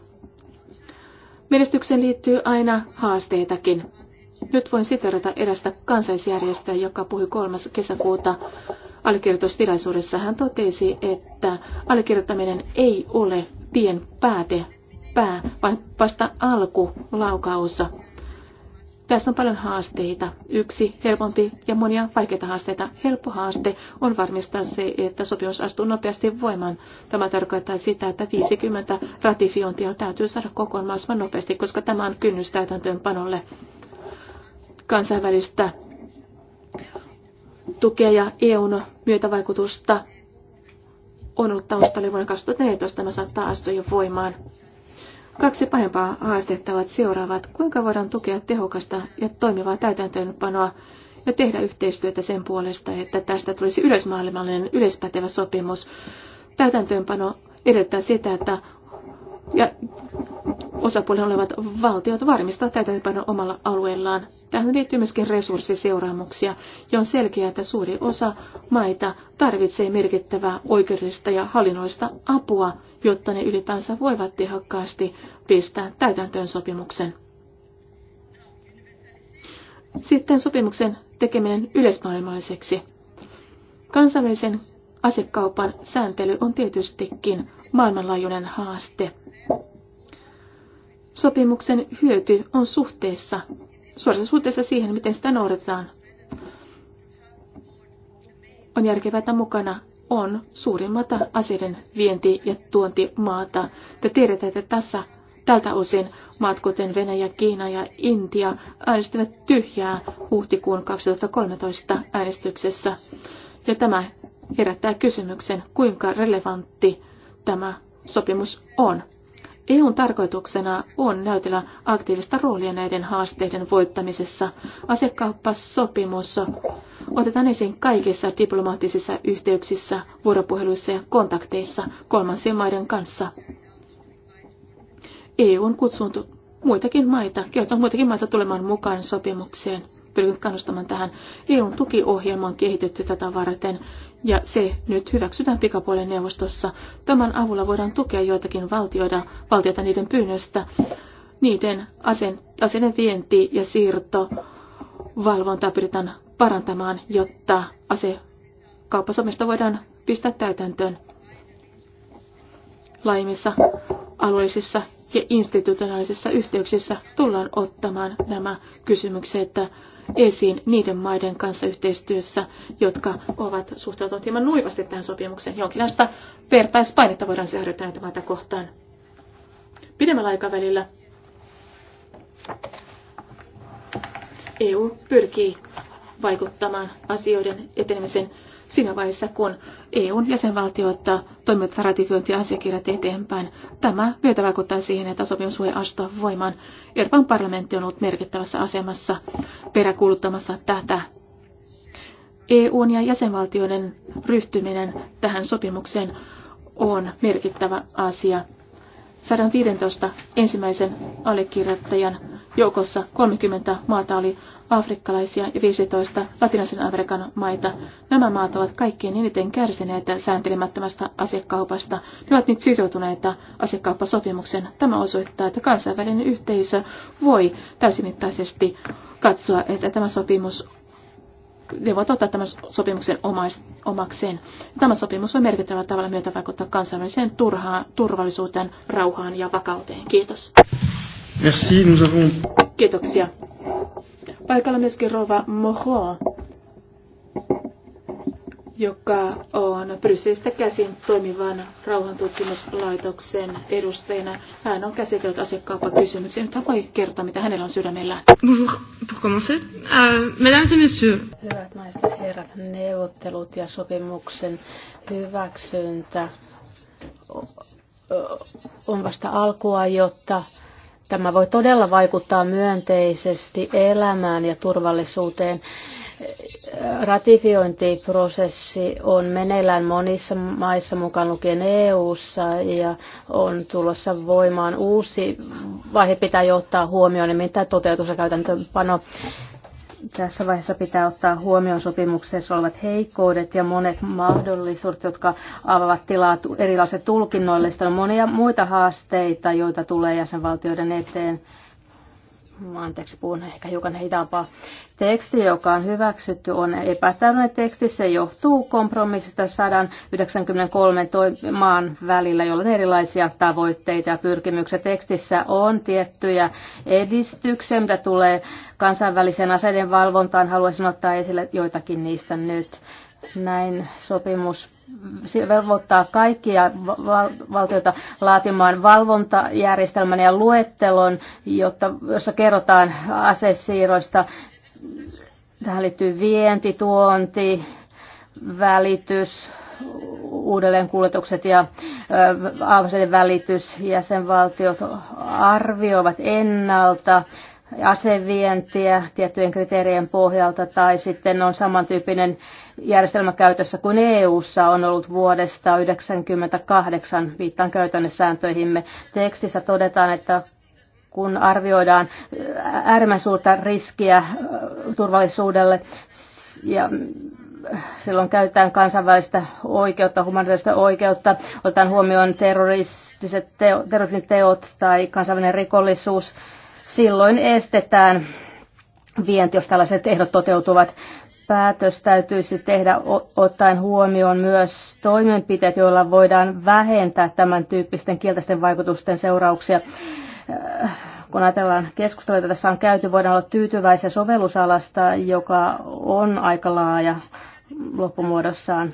Menestykseen liittyy aina haasteitakin. Nyt voin siterata erästä kansaisjärjestöä, joka puhui 3. kesäkuuta allekirjoitustilaisuudessa. Hän totesi, että allekirjoittaminen ei ole tien pääte, pää, vaan vasta alku laukaussa. Tässä on paljon haasteita. Yksi helpompi ja monia vaikeita haasteita. Helppo haaste on varmistaa se, että sopimus astuu nopeasti voimaan. Tämä tarkoittaa sitä, että 50 ratifiointia täytyy saada kokoon mahdollisimman nopeasti, koska tämä on kynnys täytäntöönpanolle kansainvälistä tukea ja EUn myötävaikutusta on ollut taustalla vuonna 2014. Tämä saattaa astua jo voimaan. Kaksi pahempaa haastetta ovat seuraavat. Kuinka voidaan tukea tehokasta ja toimivaa täytäntöönpanoa ja tehdä yhteistyötä sen puolesta, että tästä tulisi yleismaailmallinen yleispätevä sopimus. Täytäntöönpano edellyttää sitä, että ja osapuolen olevat valtiot varmistaa täytäntöpano omalla alueellaan. Tähän liittyy myöskin resurssiseuraamuksia, ja on selkeää, että suuri osa maita tarvitsee merkittävää oikeudellista ja hallinnollista apua, jotta ne ylipäänsä voivat tehokkaasti pistää täytäntöön sopimuksen. Sitten sopimuksen tekeminen yleismaailmalliseksi. Kansainvälisen asekaupan sääntely on tietystikin maailmanlaajuinen haaste sopimuksen hyöty on suhteessa, suorassa suhteessa siihen, miten sitä noudatetaan. On järkevää, että mukana on suurimmat aseiden vienti- ja tuontimaata. Te tiedätte, että tässä tältä osin maat kuten Venäjä, Kiina ja Intia äänestivät tyhjää huhtikuun 2013 äänestyksessä. Ja tämä herättää kysymyksen, kuinka relevantti tämä sopimus on. EUn tarkoituksena on näytellä aktiivista roolia näiden haasteiden voittamisessa. Asekauppasopimus otetaan esiin kaikissa diplomaattisissa yhteyksissä, vuoropuheluissa ja kontakteissa kolmansien maiden kanssa. EU on kutsunut muitakin maita, kehottanut muitakin maita tulemaan mukaan sopimukseen pyrkinyt kannustamaan tähän. EUn tukiohjelmaan kehitetty tätä varten ja se nyt hyväksytään pikapuolen neuvostossa. Tämän avulla voidaan tukea joitakin valtioita, valtioita niiden pyynnöstä, niiden asen, vienti ja siirto valvontaa pyritään parantamaan, jotta asekauppasomista voidaan pistää täytäntöön laimissa alueellisissa ja institutionaalisissa yhteyksissä tullaan ottamaan nämä kysymykset esiin niiden maiden kanssa yhteistyössä, jotka ovat suhtautuneet hieman nuivasti tähän sopimukseen. Jonkinlaista vertaispainetta voidaan seurata näitä maita kohtaan. Pidemmällä aikavälillä EU pyrkii vaikuttamaan asioiden etenemisen siinä vaiheessa, kun EUn jäsenvaltioita toimivat ratifiointiasiakirjat eteenpäin. Tämä myötä vaikuttaa siihen, että sopimus voi astua voimaan. Euroopan parlamentti on ollut merkittävässä asemassa peräkuuluttamassa tätä. EUn ja jäsenvaltioiden ryhtyminen tähän sopimukseen on merkittävä asia. 115 ensimmäisen allekirjoittajan joukossa 30 maata oli afrikkalaisia ja 15 latinalaisen Amerikan maita. Nämä maat ovat kaikkein eniten kärsineet sääntelemättömästä asiakkaupasta. Ne ovat nyt sitoutuneita asiakauppasopimuksen. Tämä osoittaa, että kansainvälinen yhteisö voi täysimittaisesti katsoa, että tämä sopimus ne voivat ottaa tämän sopimuksen omais, omakseen. Tämä sopimus voi merkittävällä tavalla myötä vaikuttaa kansainväliseen turhaan, turvallisuuteen, rauhaan ja vakauteen. Kiitos. Merci, nous avons... Kiitoksia. Paikalla myöskin Rova Moho, joka on Brysselistä käsin toimivan rauhantutkimuslaitoksen edustajana. Hän on käsitellyt asekauppakysymyksiä. Nyt hän voi kertoa, mitä hänellä on sydämellä. Bonjour, pour commencer. Uh, mesdames et messieurs. Hyvät naiset ja herrat, neuvottelut ja sopimuksen hyväksyntä on vasta alkua, jotta Tämä voi todella vaikuttaa myönteisesti elämään ja turvallisuuteen. Ratifiointiprosessi on meneillään monissa maissa, mukaan lukien EU-ssa, ja on tulossa voimaan uusi vaihe, pitää jo ottaa huomioon, mitä toteutus ja käytäntöpano. Tässä vaiheessa pitää ottaa huomioon sopimuksessa olevat heikkoudet ja monet mahdollisuudet, jotka avaavat tilaa erilaisille tulkinnoille. Sitten on monia muita haasteita, joita tulee jäsenvaltioiden eteen anteeksi, puhun ehkä hiukan hitaampaa. Teksti, joka on hyväksytty, on epätäydellinen teksti. Se johtuu kompromissista 193 maan välillä, jolla on erilaisia tavoitteita ja pyrkimyksiä. Tekstissä on tiettyjä edistyksiä, mitä tulee kansainväliseen aseiden valvontaan. Haluaisin ottaa esille joitakin niistä nyt. Näin sopimus se velvoittaa kaikkia valtioita laatimaan valvontajärjestelmän ja luettelon, jotta, jossa kerrotaan asesiirroista. Tähän liittyy vienti, tuonti, välitys, uudelleenkuljetukset ja aamuisen välitys. Jäsenvaltiot arvioivat ennalta asevientiä tiettyjen kriteerien pohjalta tai sitten on samantyyppinen järjestelmä käytössä kuin EU:ssa on ollut vuodesta 1998, viittaan käytännössääntöihimme. Tekstissä todetaan, että kun arvioidaan äh, äärimmäisen suurta riskiä äh, turvallisuudelle ja äh, silloin käytetään kansainvälistä oikeutta, humanitaarista oikeutta, otetaan huomioon terroristiset teo, terrorismin teot tai kansainvälinen rikollisuus, silloin estetään vienti, jos tällaiset ehdot toteutuvat päätös täytyisi tehdä ottaen huomioon myös toimenpiteet, joilla voidaan vähentää tämän tyyppisten kielteisten vaikutusten seurauksia. Äh, kun ajatellaan keskustelua, jota tässä on käyty, voidaan olla tyytyväisiä sovellusalasta, joka on aika laaja loppumuodossaan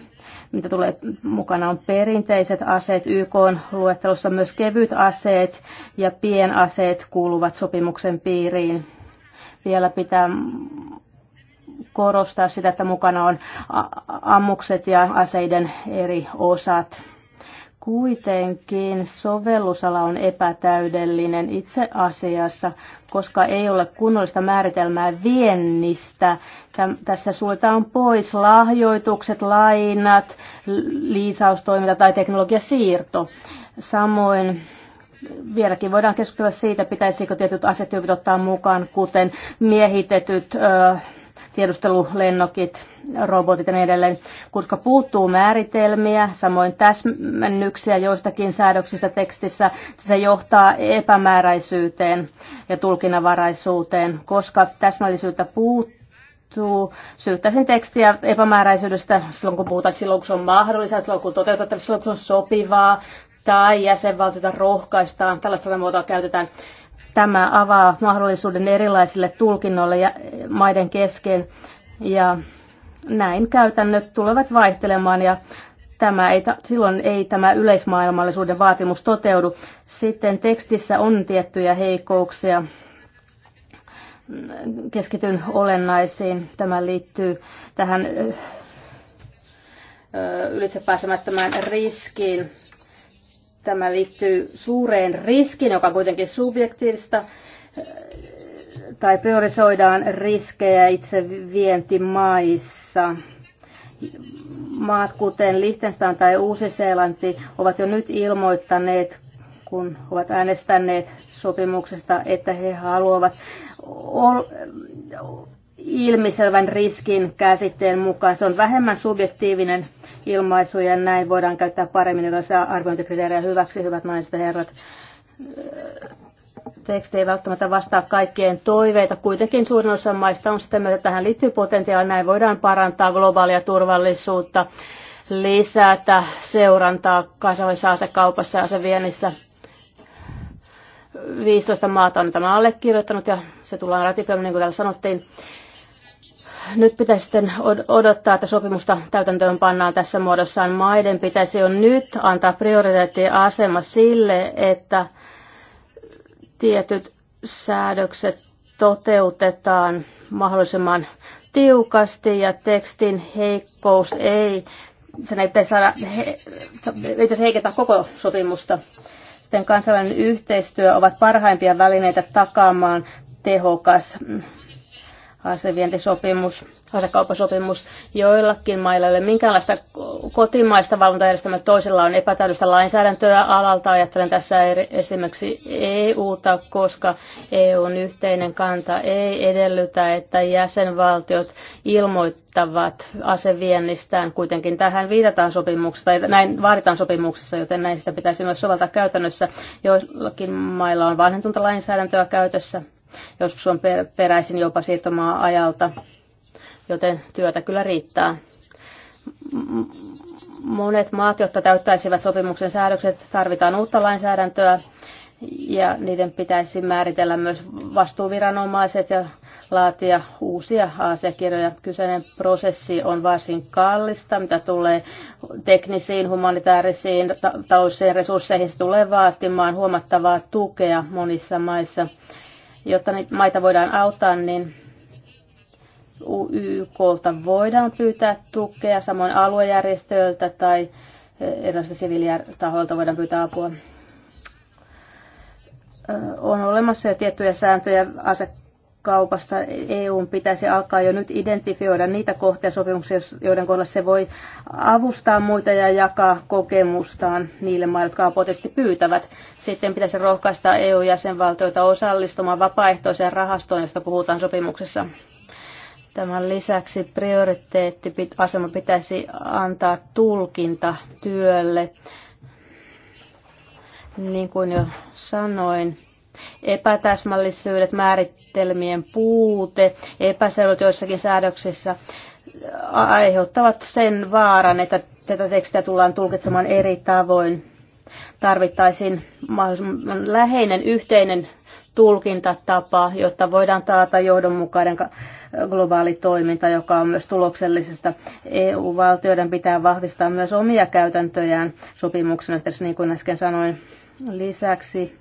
mitä tulee mukana on perinteiset aseet, YK on luettelossa myös kevyt aseet ja pienaseet kuuluvat sopimuksen piiriin. Vielä pitää korostaa sitä, että mukana on ammukset ja aseiden eri osat. Kuitenkin sovellusala on epätäydellinen itse asiassa, koska ei ole kunnollista määritelmää viennistä. Tässä suljetaan pois lahjoitukset, lainat, liisaustoiminta tai teknologiasiirto. Samoin vieläkin voidaan keskustella siitä, pitäisikö tietyt asetyypit ottaa mukaan, kuten miehitetyt tiedustelulennokit, robotit ja niin edelleen, koska puuttuu määritelmiä, samoin täsmennyksiä joistakin säädöksistä tekstissä, se johtaa epämääräisyyteen ja tulkinnanvaraisuuteen, koska täsmällisyyttä puuttuu Syyttäisin tekstiä epämääräisyydestä silloin, kun puhutaan silloin, kun se on mahdollista, silloin, kun toteutetaan, silloin, kun se on sopivaa, tai jäsenvaltiota rohkaistaan, tällaista muotoa käytetään. Tämä avaa mahdollisuuden erilaisille tulkinnoille ja eh, maiden kesken ja näin käytännöt tulevat vaihtelemaan ja tämä ei, silloin ei tämä yleismaailmallisuuden vaatimus toteudu. Sitten tekstissä on tiettyjä heikkouksia. Keskityn olennaisiin. Tämä liittyy tähän eh, eh, ylitsepääsemättömään riskiin Tämä liittyy suureen riskiin, joka on kuitenkin subjektiivista, tai priorisoidaan riskejä itse vientimaissa. Maat kuten Liechtenstein tai Uusi-Seelanti ovat jo nyt ilmoittaneet, kun ovat äänestäneet sopimuksesta, että he haluavat ilmiselvän riskin käsitteen mukaan. Se on vähemmän subjektiivinen ilmaisuja. Näin voidaan käyttää paremmin erilaisia arviointikriteerejä hyväksi, hyvät naiset ja herrat. Teksti ei välttämättä vastaa kaikkien toiveita. Kuitenkin suurin osa maista on sitä että tähän liittyy potentiaalia. Näin voidaan parantaa globaalia turvallisuutta, lisätä seurantaa kansainvälisessä asekaupassa ja aseviennissä. 15 maata on tämä allekirjoittanut ja se tullaan ratifioimaan, niin kuin täällä sanottiin nyt pitäisi sitten odottaa, että sopimusta täytäntöön pannaan tässä muodossaan. Maiden pitäisi jo nyt antaa prioriteettiasema sille, että tietyt säädökset toteutetaan mahdollisimman tiukasti ja tekstin heikkous ei, sen ei pitäisi, saada, he, pitäisi heikentää koko sopimusta. Sitten kansainvälinen yhteistyö ovat parhaimpia välineitä takaamaan tehokas asevientisopimus, asekauppasopimus. Joillakin mailla ei ole minkäänlaista kotimaista valvontajärjestelmää, toisilla on epätäydellistä lainsäädäntöä alalta. Ajattelen tässä esimerkiksi EUta, koska EUn yhteinen kanta ei edellytä, että jäsenvaltiot ilmoittavat aseviennistään. Kuitenkin tähän viitataan sopimuksessa, tai näin vaaditaan sopimuksessa, joten näin sitä pitäisi myös soveltaa käytännössä. Joillakin mailla on vanhentunta lainsäädäntöä käytössä, Joskus on peräisin jopa siirtomaa ajalta, joten työtä kyllä riittää. Monet maat, jotta täyttäisivät sopimuksen säädökset, tarvitaan uutta lainsäädäntöä ja niiden pitäisi määritellä myös vastuuviranomaiset ja laatia uusia asiakirjoja. Kyseinen prosessi on varsin kallista, mitä tulee teknisiin, humanitaarisiin, ta- taloudellisiin resursseihin. Se tulee vaatimaan huomattavaa tukea monissa maissa jotta niitä maita voidaan auttaa, niin YKlta voidaan pyytää tukea, samoin aluejärjestöiltä tai eh, erilaisilta siviilitahoilta voidaan pyytää apua. On olemassa jo tiettyjä sääntöjä kaupasta EUn pitäisi alkaa jo nyt identifioida niitä kohtia sopimuksia, joiden kohdalla se voi avustaa muita ja jakaa kokemustaan niille maille, jotka apotesti pyytävät. Sitten pitäisi rohkaista EU-jäsenvaltioita osallistumaan vapaaehtoiseen rahastoon, josta puhutaan sopimuksessa. Tämän lisäksi prioriteettiasema pitäisi antaa tulkinta työlle. Niin kuin jo sanoin, epätäsmällisyydet, määrittelmien puute, epäselvyydet joissakin säädöksissä aiheuttavat sen vaaran, että tätä tekstiä tullaan tulkitsemaan eri tavoin. Tarvittaisiin mahdollisimman läheinen yhteinen tulkintatapa, jotta voidaan taata johdonmukainen globaali toiminta, joka on myös tuloksellisesta. EU-valtioiden pitää vahvistaa myös omia käytäntöjään sopimuksen yhteydessä, niin kuin äsken sanoin. Lisäksi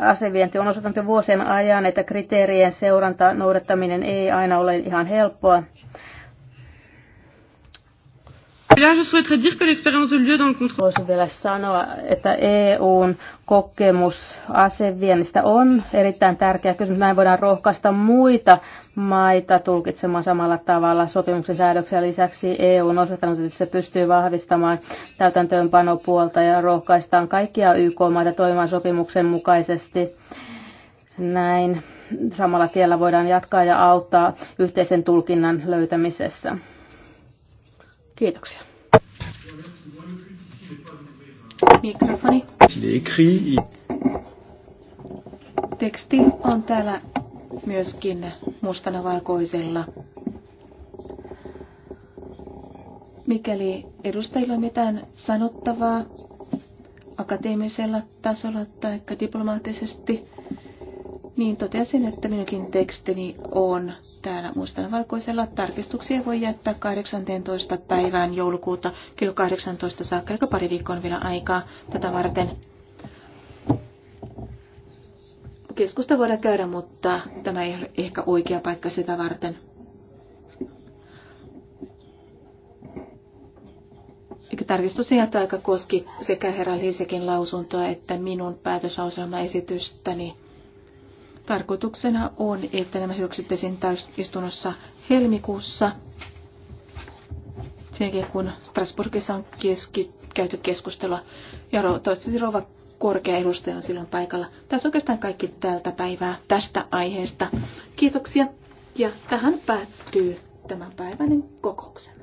asevienti on osoittanut jo vuosien ajan, että kriteerien seuranta noudattaminen ei aina ole ihan helppoa. Voisin vielä sanoa, että EUn kokemus aseviennistä on erittäin tärkeä kysymys. Näin voidaan rohkaista muita maita tulkitsemaan samalla tavalla sopimuksen säädöksiä. Lisäksi EU on osoittanut, että se pystyy vahvistamaan täytäntöönpanopuolta ja rohkaistaan kaikkia YK-maita toimimaan sopimuksen mukaisesti. Näin samalla tiellä voidaan jatkaa ja auttaa yhteisen tulkinnan löytämisessä. Kiitoksia. Mikrofoni. Teksti on täällä myöskin mustana valkoisella. Mikäli edustajilla on mitään sanottavaa akateemisella tasolla tai diplomaattisesti niin totesin, että minunkin tekstini on täällä mustan valkoisella. Tarkistuksia voi jättää 18. päivään joulukuuta kello 18 saakka, eli pari viikkoa vielä aikaa tätä varten. Keskusta voidaan käydä, mutta tämä ei ole ehkä oikea paikka sitä varten. tarkistus aika koski sekä herra Lisekin lausuntoa että minun esitystäni Tarkoituksena on, että nämä hyväksyttäisiin täysistunnossa helmikuussa, sen jälkeen kun Strasbourgissa on keski, käyty keskustelua. Ja toivottavasti rouva korkea edustaja on silloin paikalla. Tässä oikeastaan kaikki tältä päivää tästä aiheesta. Kiitoksia. Ja tähän päättyy tämän päiväinen kokouksen.